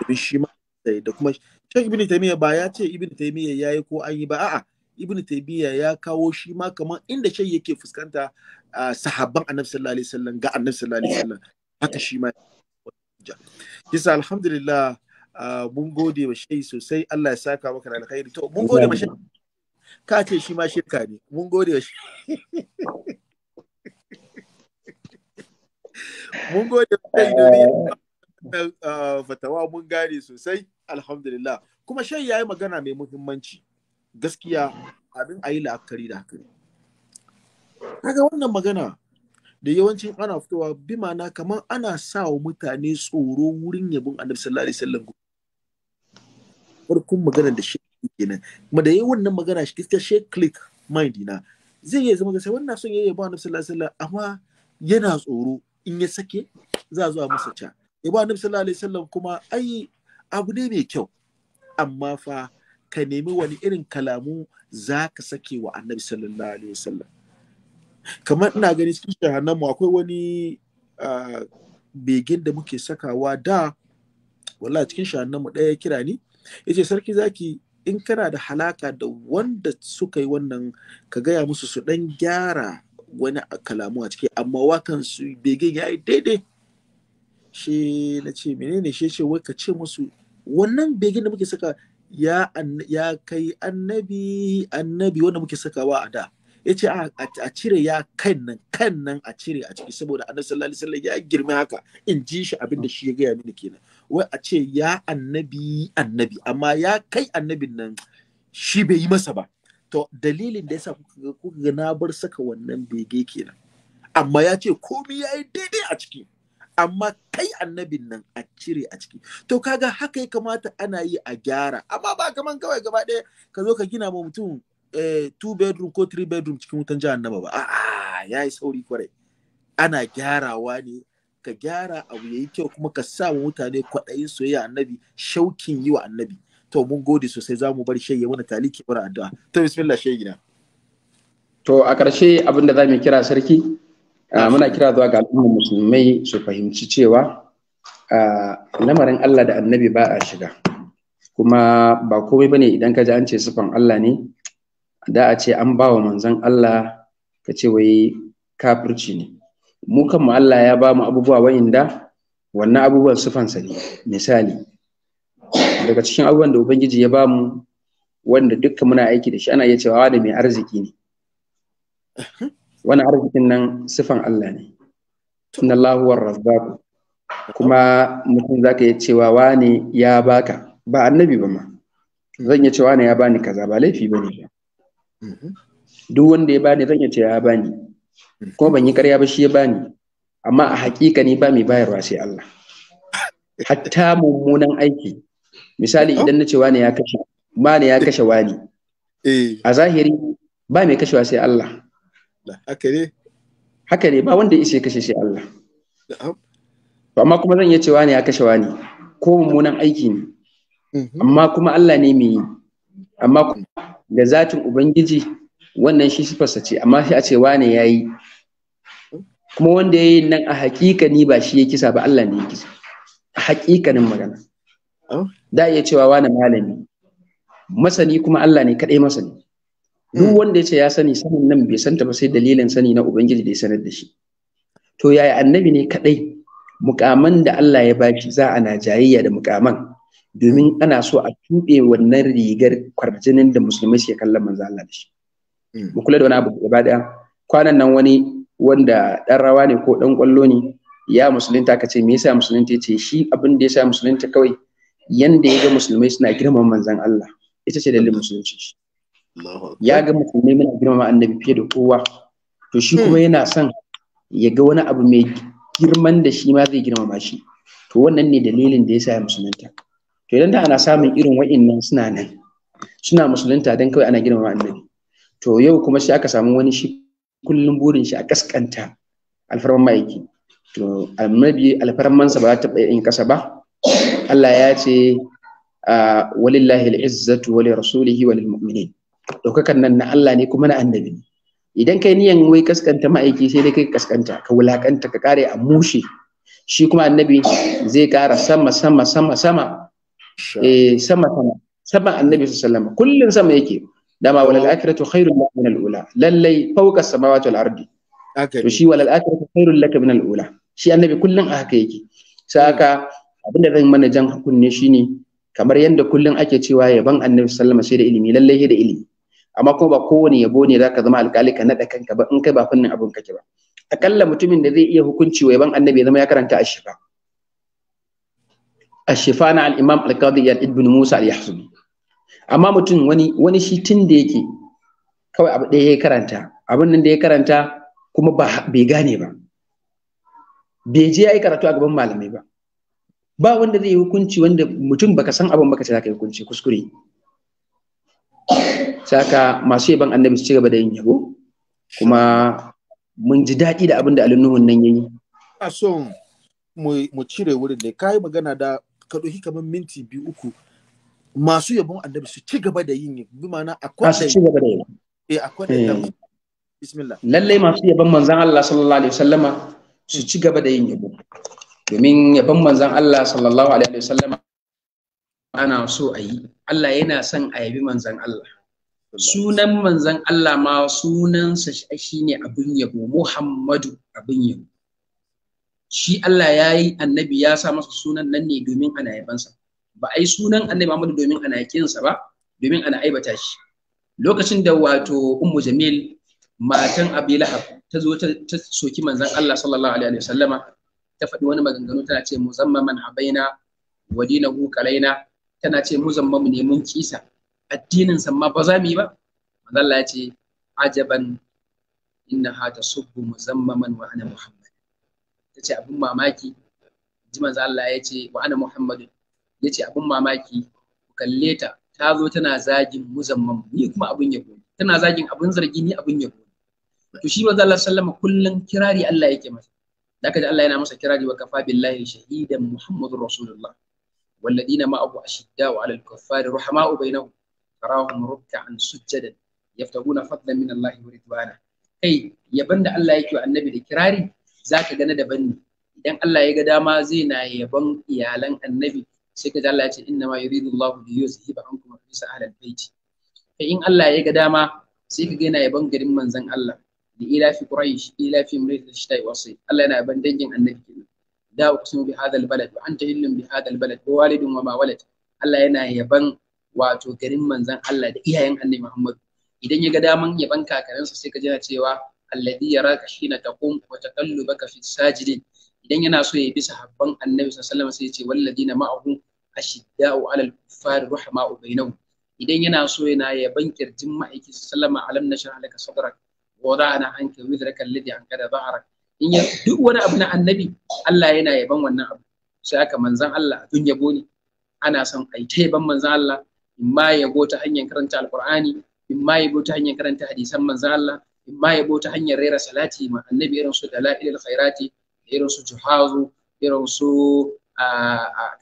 Speaker 1: domin shi ma da kuma Sheikh Ibn Taymiyyah ba ya ce Ibn Taymiyyah yayi ko an yi ba a'a Ibn Taymiyyah ya kawo shi ma kamar inda shi yake fuskanta sahabban Annabi sallallahu alaihi wasallam ga Annabi sallallahu alaihi wasallam haka shi ma hujja kisa alhamdulillah Ah, mun gode ma shai sosai Allah ya saka maka da alkhairi to mun gode ma shai ka ce shi ma shirka ne mun gode wa [LAUGHS] mun gode ma shai da ah, fatawa mun gane sosai alhamdulillah kuma shai yayi magana mai muhimmanci gaskiya abin ayi la'akari da haka kaga wannan magana da yawancin ana fitowa bi ma'ana kamar ana sa wa mutane tsoro wurin yabon annabi sallallahu alaihi wasallam farkon magana da shi kenan kuma da yayin wannan magana shi gaskiya she click mind na zai iya zama sai wannan son yayi yabon annabi sallallahu alaihi wasallam amma yana tsoro in ya sake za a zo a masa ca yabon annabi sallallahu alaihi wasallam kuma ai abu ne mai kyau amma fa ka nemi wani irin kalamu za ka sake wa annabi sallallahu alaihi wasallam kamar ina gani cikin shahararren mu akwai wani begin da muke sakawa da wallahi cikin shahararren mu ɗaya kira ni yace sarki zaki in kana da halaka da wanda suka yi wannan ka gaya musu su ɗan gyara wani kalamu a ciki amma wakan su begin ya yi daidai shi na ce menene shi ce wai ka ce musu wannan begin da muke saka ya kai annabi annabi wanda muke sakawa a da ya ce a cire ya kan nan kan nan a cire a ciki saboda annabi sallallahu alaihi wasallam ya girma haka in ji shi abin da shi ya gaya mini kenan wai a ce ya annabi annabi amma ya kai annabin nan shi bai yi masa ba to dalilin da yasa kuka ga na bar saka wannan bege kenan amma ya ce komai ya yi daidai a ciki amma kai annabin nan a cire a ciki to kaga haka ya kamata ana yi a gyara amma ba kaman kawai gaba ɗaya ka zo ka gina ma mutum Eh, two bedroom ko three bedroom cikin wutan jihar Naba ba a'a ya yi sauri kwarai ana gyarawa ne ka gyara abu yayi kyau kuma ka sa wa mutane kwaɗayin soyayya annabi shaukin yi wa annabi to mun gode sosai za mu bar shayya wani taliki bar addu'a
Speaker 4: to bismillah shayyina to a ƙarshe abin da za mu kira sarki muna kira zuwa ga al'ummar musulmai su fahimci cewa lamarin Allah da annabi ba a shiga kuma ba komai bane idan ka ji an ce sufan Allah ne da a ce an ba wa manzan Allah ka ce wai kafirci ne mu kanmu Allah ya ba mu abubuwa wayanda wannan abubuwan sufansa ne misali daga cikin abubuwan da ubangiji ya ba mu wanda dukkan muna aiki da shi ana iya cewa da mai arziki ne wani arzikin nan sifan Allah ne inna Allahu war kuma mutum zaka iya cewa wani ya baka ba annabi ba ma zan iya cewa ne ya bani kaza ba laifi bane ba duk wanda ya bani zan iya ce ya bani ko ban yi karya ba shi ya bani amma a hakika ne ba mai bayarwa sai Allah hatta mummunan aiki misali idan na ce wani ya kashe wani ya kashe wani eh. a zahiri ba mai kashewa sai Allah haka ne haka ne ba wanda ya ishe kashe sai Allah amma kuma zan iya ce wani ya kashe wani ko mummunan aiki ne mhm. amma kuma Allah ne mai yi amma kuma da zatin ubangiji wannan shi sifarsa ce amma shi a ce wane ya yi kuma wanda ya yi nan a hakikani ba shi ya kisa ba Allah ne ya kisa a hakikanin magana oh. da iya cewa wane malami masani kuma Allah ne kadai masani duk hmm. wanda ya ce ya sani sanin nan bai santa ba sai dalilin sani na ubangiji da ya sanar da shi to yaya annabi ne kaɗai. mukaman da Allah ya bashi za a na jayayya da mukaman domin ana so a tuɓe wannan rigar kwarjinin da musulmai suke kallon manzo Allah da shi hmm. mu kula da wani abu gaba daya kwanan nan wani wanda dan rawa ne ko dan kwallo ne ya musulunta ka ce me yasa musulunta ce shi abin da yasa musulunta kawai yanda ya ga musulmai suna girmama manzan Allah ita ce dalilin musulunci shi ya ga musulmai muna girmama annabi fiye da kowa to shi kuma hmm. yana son ya ga wani abu mai girman da shi ma zai girmama shi to wannan ne dalilin da yasa ya musulunta to idan da ana samun irin wa'innan suna nan suna musulunta dan kawai ana girmama annabi to yau kuma sai aka samu wani shi kullum burin shi a kaskanta alfarman ma'aiki to annabi alfarmansa ba za ta in kasa ba Allah ya ce walillahi al'izzatu wa rasulihi wa lil mu'minin daukakan nan na Allah ne kuma na annabi idan kai niyan wai kaskanta ma'aiki sai dai kai kaskanta ka wulakanta ka kare a mushe shi kuma annabi zai kara sama sama sama sama Eh, sama sama sama annabi sallallahu alaihi wasallam kullun sama yake dama walal akhiratu khairul lak min al ula lallai fawqa samawati wal ardi to shi walal akhiratu khairul lak min al ula shi annabi kullun a haka yake saka abinda zan mana jan kunne shine kamar yadda kullun ake cewa yaban annabi sallallahu alaihi wasallam sai da ilimi lallai sai da ilimi amma kuma ba kowane yabo ne zaka zama alƙali ka nada kanka ba in kai ba fannin abun kake ba akalla mutumin da zai iya hukunci wa yaban annabi zama ya karanta a ashifa ashifa na al-imam al-qadi ibn musa al-yahsubi amma mutum wani wani shi tun da yake kawai abu ɗaya ya karanta abin nan da ya karanta kuma ba bai gane ba bai je ya yi karatu a gaban malamai ba ba wanda zai yi hukunci wanda mutum baka san abin baka ce zaka yi hukunci kuskure saka masu yaban annabi su ci gaba da yin yabo kuma mun ji daɗi da abin da alinuhun nan yayi
Speaker 1: a so mu cire wurin da kai magana da ka ɗauki kamar minti biyu uku masu yabon annabi su ci gaba da yin bi ma'ana akwai su ci gaba da yin eh akwai da eh. bismillah lalle masu
Speaker 4: yabon manzon Allah sallallahu alaihi wasallama su ci gaba da yin yabo domin yabon manzon Allah sallallahu alaihi wasallama ana so a yi Allah yana son a yabi manzon Allah sunan manzon Allah ma sunansa shi ne abin yabo Muhammadu abin yabo shi Allah ya yi annabi ya sa masa sunan nan ne domin ana yabansa ba a yi sunan annabi Muhammadu domin ana yakinsa ba domin ana aibata shi lokacin da wato ummu jamil matan abi lahab ta zo ta soki manzon Allah sallallahu alaihi wasallama ta faɗi wani maganganu tana ce muzammaman habaina wa dinahu kalaina tana ce muzammamu ne mun kisa addinin sa ma ba za mu yi ba manzon Allah ya ce ajaban Inna hata subbu muzammaman wa ana muhammad ce abin mamaki ji manzo Allah ya ce wa ana Muhammadu ya ce abin mamaki ku kalle ta ta zo tana zagin muzamman ni kuma abin ya yabo tana zagin abin zargi ni abin ya yabo to shi manzo Allah sallama kullun kirari Allah yake masa da kaji Allah yana masa kirari wa kafa billahi shahidan Muhammadur Rasulullah والذين معه أشداء على الكفار رحماء بينهم تراهم ركعا سجدا يفتقون فضلا من الله ورضوانه kai yaban da Allah yake wa annabi da kirari za ka gane daban ne idan Allah ya ga dama zai na yaban iyalan annabi sai ka Allah ya ce inna ma yuridu Allahu bi yuzhiba ankum rijsa ahlal bait fa in Allah ya ga dama sai ka ga yana yaban garin manzon Allah da ilafi quraish ilafi murid da shitai wasai Allah yana yabon dangin annabi kenan da uqsimu bi hadha balad wa anta illum bi hadha albalad wa walidun wa ma walad Allah yana yabon wato garin manzon Allah da iyayen annabi Muhammad idan ya ga daman yaban kakarinsa sai ka ji cewa alladhi yaraka hina taqum wa taqallubaka fi sajidin idan yana so ya bi sahabban annabi sallallahu alaihi wasallam sai ya ce walladina ma'ahu ashidda'u 'alal kuffari rahama'u bainahum idan yana so yana yaban kirjin ma'aikin sallama alam nashrah laka sadrak wa da'ana anka wizraka an kada dhahrak in ya duk wani abu na annabi Allah yana yaban wannan abu sai aka manzan Allah abin yabo ne ana son ai ta yaban manzan Allah in ma yabo ta hanyar karanta alqur'ani in ma yabo ta hanyar karanta hadisan manzan Allah ma ya ta hanyar rera salati ma annabi irin su dalailul khairati irin su juhazu irin su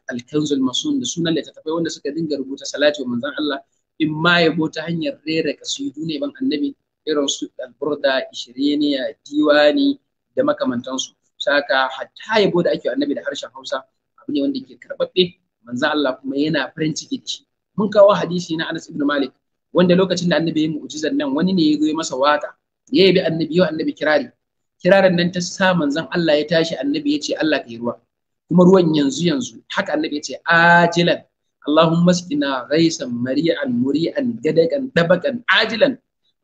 Speaker 4: alkanzul masun da sunan littattafai wanda suka dinga rubuta salati wa manzon Allah in ma ya ta hanyar rera kasidu ne ban annabi irin su alburda ishiriniya diwani da makamantansu saka hatta yabo da ake annabi da harshen Hausa abu ne wanda ke karbabbe manzon Allah kuma yana farin ciki da mun kawo hadisi na Anas ibn Malik wanda lokacin da annabi ya yi mu'jizar nan wani ne ya zo masa waka ya yabi annabi yau annabi kirari kirarin nan ta sa manzon Allah ya tashi annabi ya ce Allah ka yi ruwa kuma ruwan yanzu yanzu haka annabi ya ce ajilan Allahumma sqina ghaisan mari'an muri'an gadakan dabakan ajilan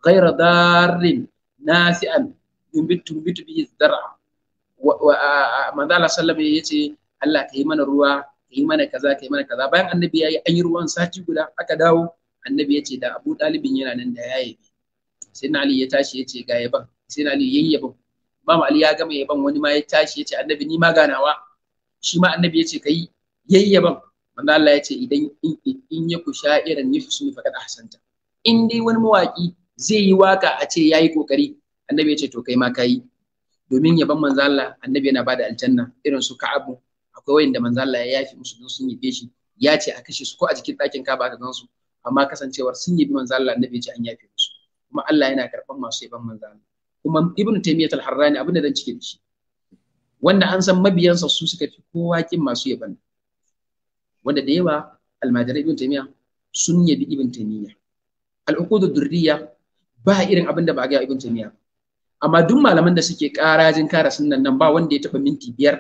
Speaker 4: ghaira darrin nasi'an yumbitu bitu bi zar'a manzo Allah sallallahu ya ce Allah ka yi mana ruwa ka yi mana kaza ka yi mana kaza bayan annabi ya yi an yi ruwan sati guda aka dawo annabi ya ce da Abu Talibin yana nan da yayi sai na ali ya tashi ya ce ga yaban sai na ali yayi yaban imam ali ya gama yaban wani ma ya tashi ya ce annabi ni ma ganawa shi ma annabi ya ce kai yayi yaban manzo Allah ya ce idan in ya ku su yafsu faqad hasanta. in dai wani mawaki zai yi waka a ce yayi kokari annabi ya ce to kai ma kai domin yaban manzo Allah annabi yana bada aljanna irin su Ka'abu akwai wayanda manzo Allah ya yafi musu don sun yabe shi ya ce a kashe su ko a jikin ɗakin Ka'aba ka gansu amma kasancewar sun yabi manzo Allah annabi ya ce an yafe kuma Allah yana karɓan masu yaban manzo Allah kuma ibnu taymiyyah al-harrani abin da dan cike shi wanda an san mabiyansa su suka fi kowa kin masu yaban wanda da yawa almajirai ibnu taymiyyah sun yabi ibnu taymiyyah al-uqud durriya ba irin abin da ba ga ibnu taymiyyah amma duk malaman da suke karajin kara sunnan nan ba wanda ya taba minti biyar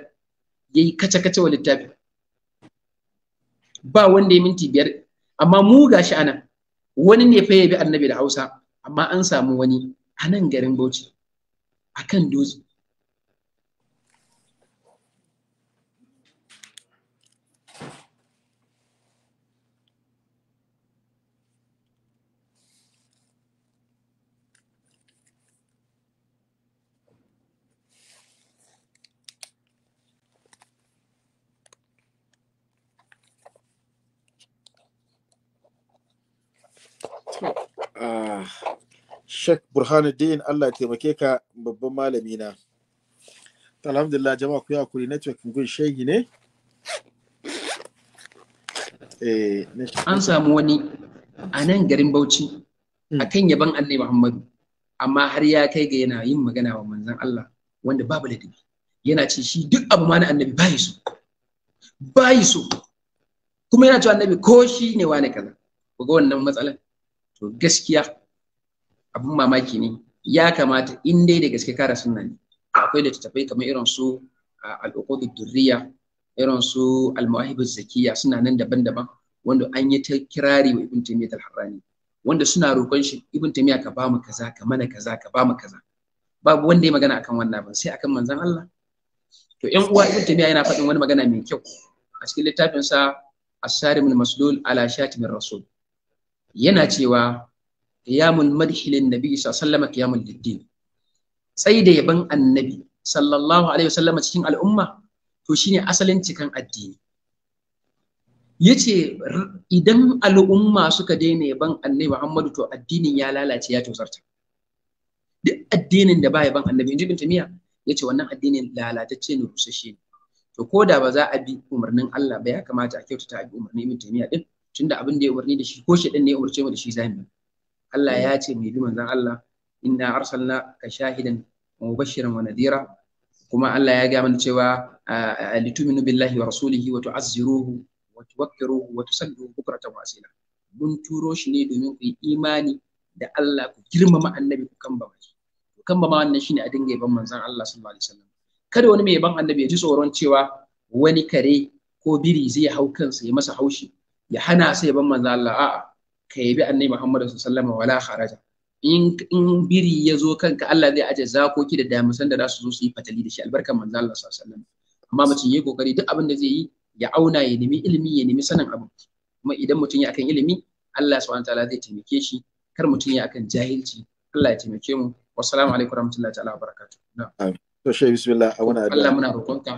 Speaker 4: yayi kace kace wa littafi ba wanda ya minti biyar amma mu gashi anan wani ne fa yabi annabi da Hausa amma an samu wani a nan garin Bauchi akan dutse
Speaker 1: Sheikh Burhanuddin Allah taimake ka babban malami na. Alhamdulillah jama'a ku ya kuri network gun shehi ne. Eh, An samu wani a nan garin Bauchi
Speaker 4: hmm. a kan yaban Allah Muhammadu amma har ya kai ga yana yin magana wa manzan Allah wanda babu ladabi yana ce shi duk abu ma na annabi bayi so bayi so kuma yana cewa annabi ko shi ne wani kaza ku ga wannan matsalan to gaskiya abin mamaki ne ya kamata in dai da gaske kara sunna ne akwai littattafai kamar irin su al'uqudud durriya irin su al-mawahibuz zakiya suna nan daban-daban wanda an yi ta kirari wa ibn taymiyyah al-harrani wanda suna roƙon shi ibn taymiyyah ka bamu kaza ka mana kaza ka bamu kaza babu wanda ya magana akan wannan ba sai akan manzon Allah to ƴan uwa ibn taymiyyah yana faɗin wani magana mai kyau a cikin littafinsa a as-sarimul maslul ala shatimir rasul yana cewa qiyamul madhi lin nabi sallallahu alaihi wasallam sai da ban annabi sallallahu alaihi wasallam cikin al'umma to shine asalin cikan addini yace idan al'umma suka daina yaban annabi Muhammadu to addinin ya lalace ya tozarta duk addinin da ba yaban annabi inji bin tamiya yace wannan addinin lalatacce ne rusasshe ne to ko da ba za a bi umarnin Allah ba ya kamata a kyautata a bi umarnin ibn tamiya din tunda abin da ya umarni da shi ko shedan ne ya umarce mu da shi zamu Allah ya hmm. ce mai bi manzan Allah inna arsalna ka shahidan wa mubashiran wa nadira kuma Allah ya ga mana cewa lituminu billahi wa rasulihi wa tu'azziruhu wa tuwakkiruhu wa tusalluhu bukratan wa asila mun turo shi ne domin ku yi imani da Allah ku girmama annabi ku kamba shi ku kamba ma wannan shine a dinga yaban manzon Allah sallallahu alaihi wasallam kada wani mai yaban annabi ya ji tsoron cewa wani kare ko biri zai hau kansa ya masa haushi ya hana sai yaban manzon Allah a'a ka yabi annabi Muhammad sallallahu alaihi wala kharaja in in biri ya zo kanka Allah zai aje zakoki da damisan da za su zo su yi fatali da shi albarkan manzo Allah sallallahu alaihi wasallam amma mutum yayi kokari duk abin da zai yi ya auna ya nemi ilimi ya nemi sanin abu kuma idan mutum ya akan ilimi Allah subhanahu Taala zai taimake shi kar mutum ya akan jahilci Allah ya taimake mu wassalamu alaikum warahmatullahi ta'ala wabarakatuh
Speaker 1: na'am to shi bismillah a wannan Allah muna
Speaker 4: roƙonka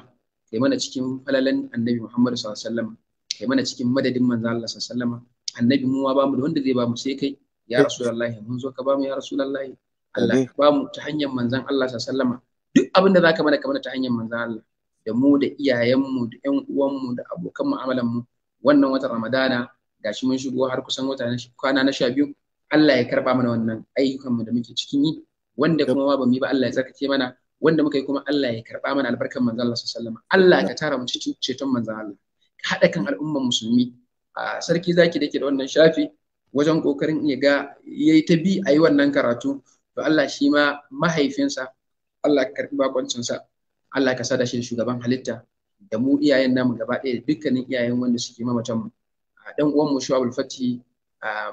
Speaker 4: kai mana cikin falalan annabi Muhammad sallallahu alaihi wasallam kai mana cikin madadin manzo Allah sallallahu alaihi wasallam annabi mu ma bamu da wanda zai bamu sai kai ya rasulullahi mun zo ka bamu ya rasulullahi Allah ka bamu ta hanyar manzon Allah sallama duk abin da zaka mana ka mana ta hanyar manzon Allah da mu da iyayenmu da ƴan uwanmu da abokan mu'amalan mu wannan watan Ramadana gashi mun shigo har kusan wata kwana na sha biyu Allah ya karba mana wannan ayyukan mu da muke cikin yi wanda kuma ba mu yi ba Allah ya tsarkake mana wanda muka yi kuma Allah ya karba mana albarkan manzon Allah sallallahu alaihi wasallam Allah ka tara mu cikin ceton manzon Allah ka haɗa kan al'umman musulmi a sarki zaki da ke da wannan shafi wajen kokarin ya ga yayi ta bi a yi wannan karatu to Allah shi ma mahaifinsa Allah ka karbi bakoncinsa Allah ka sada shi shugaban halitta da mu iyayen namu gaba ɗaya dukkanin iyayen wanda suke mamatan mu dan uwan mu Shu'abul Fati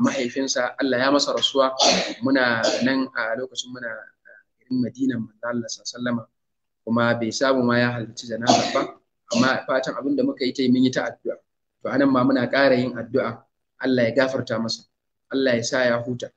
Speaker 4: mahaifinsa Allah ya masa rasuwa muna nan a lokacin muna garin madinan manzo Allah sallallahu alaihi kuma bai samu ma ya halarci janaba ba amma fatan abinda muka yi ta yi mun yi ta addu'a to anan ma muna ƙara yin addu'a Allah ya gafarta masa Allah ya sa ya huta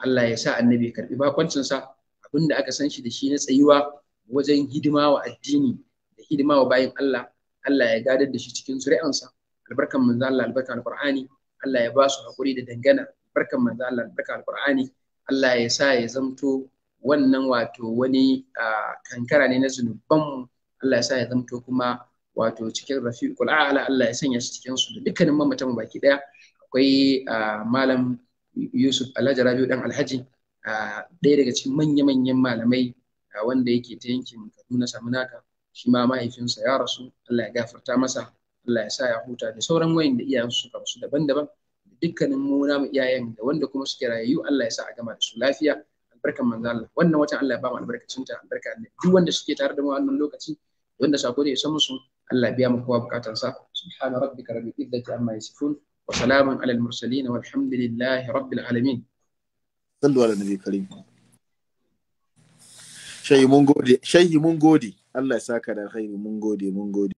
Speaker 4: Allah ya sa annabi karbi bakoncin sa abinda aka san shi da shi na tsayuwa wajen hidima wa addini da hidima wa bayin Allah Allah ya gadar da shi cikin zuri'ansa albarkan manzo Allah albarkan alqur'ani Allah ya ba su hakuri da dangana albarkan manzo Allah albarkan alqur'ani Allah ya sa ya zamto wannan wato wani ah, kankara ne na zunuban Allah ya sa ya zamto kuma wato cikin rafiqul a'la Allah ya sanya shi cikin su da dukkanin mamatan baki daya akwai ah, malam Yusuf Alhaji Rabiu dan Alhaji ah, ɗaya daga cikin manya-manyan malamai ah, wanda yake ta yankin Kaduna Samunaka shi ma mahaifinsa ya rasu Allah ya gafarta masa Allah ya sa ya huta da sauran da iyayensu suka rasu daban-daban dukkanin mu namu iyayen da wanda kuma suke rayu Allah ya sa a gama da su lafiya albarkan manzo Allah wannan watan Allah ya ba mu albarkacin ta albarka duk wanda suke tare da mu a wannan lokaci wanda sako da ya san musu Allah biya mu kowa bukatan sa subhana rabbika rabbil izzati amma yasifun wa salamun alal mursalin walhamdulillahi rabbil alamin sallu ala nabi
Speaker 1: karim shayi mun gode shayi mun gode Allah ya saka da alkhairi mun gode mun gode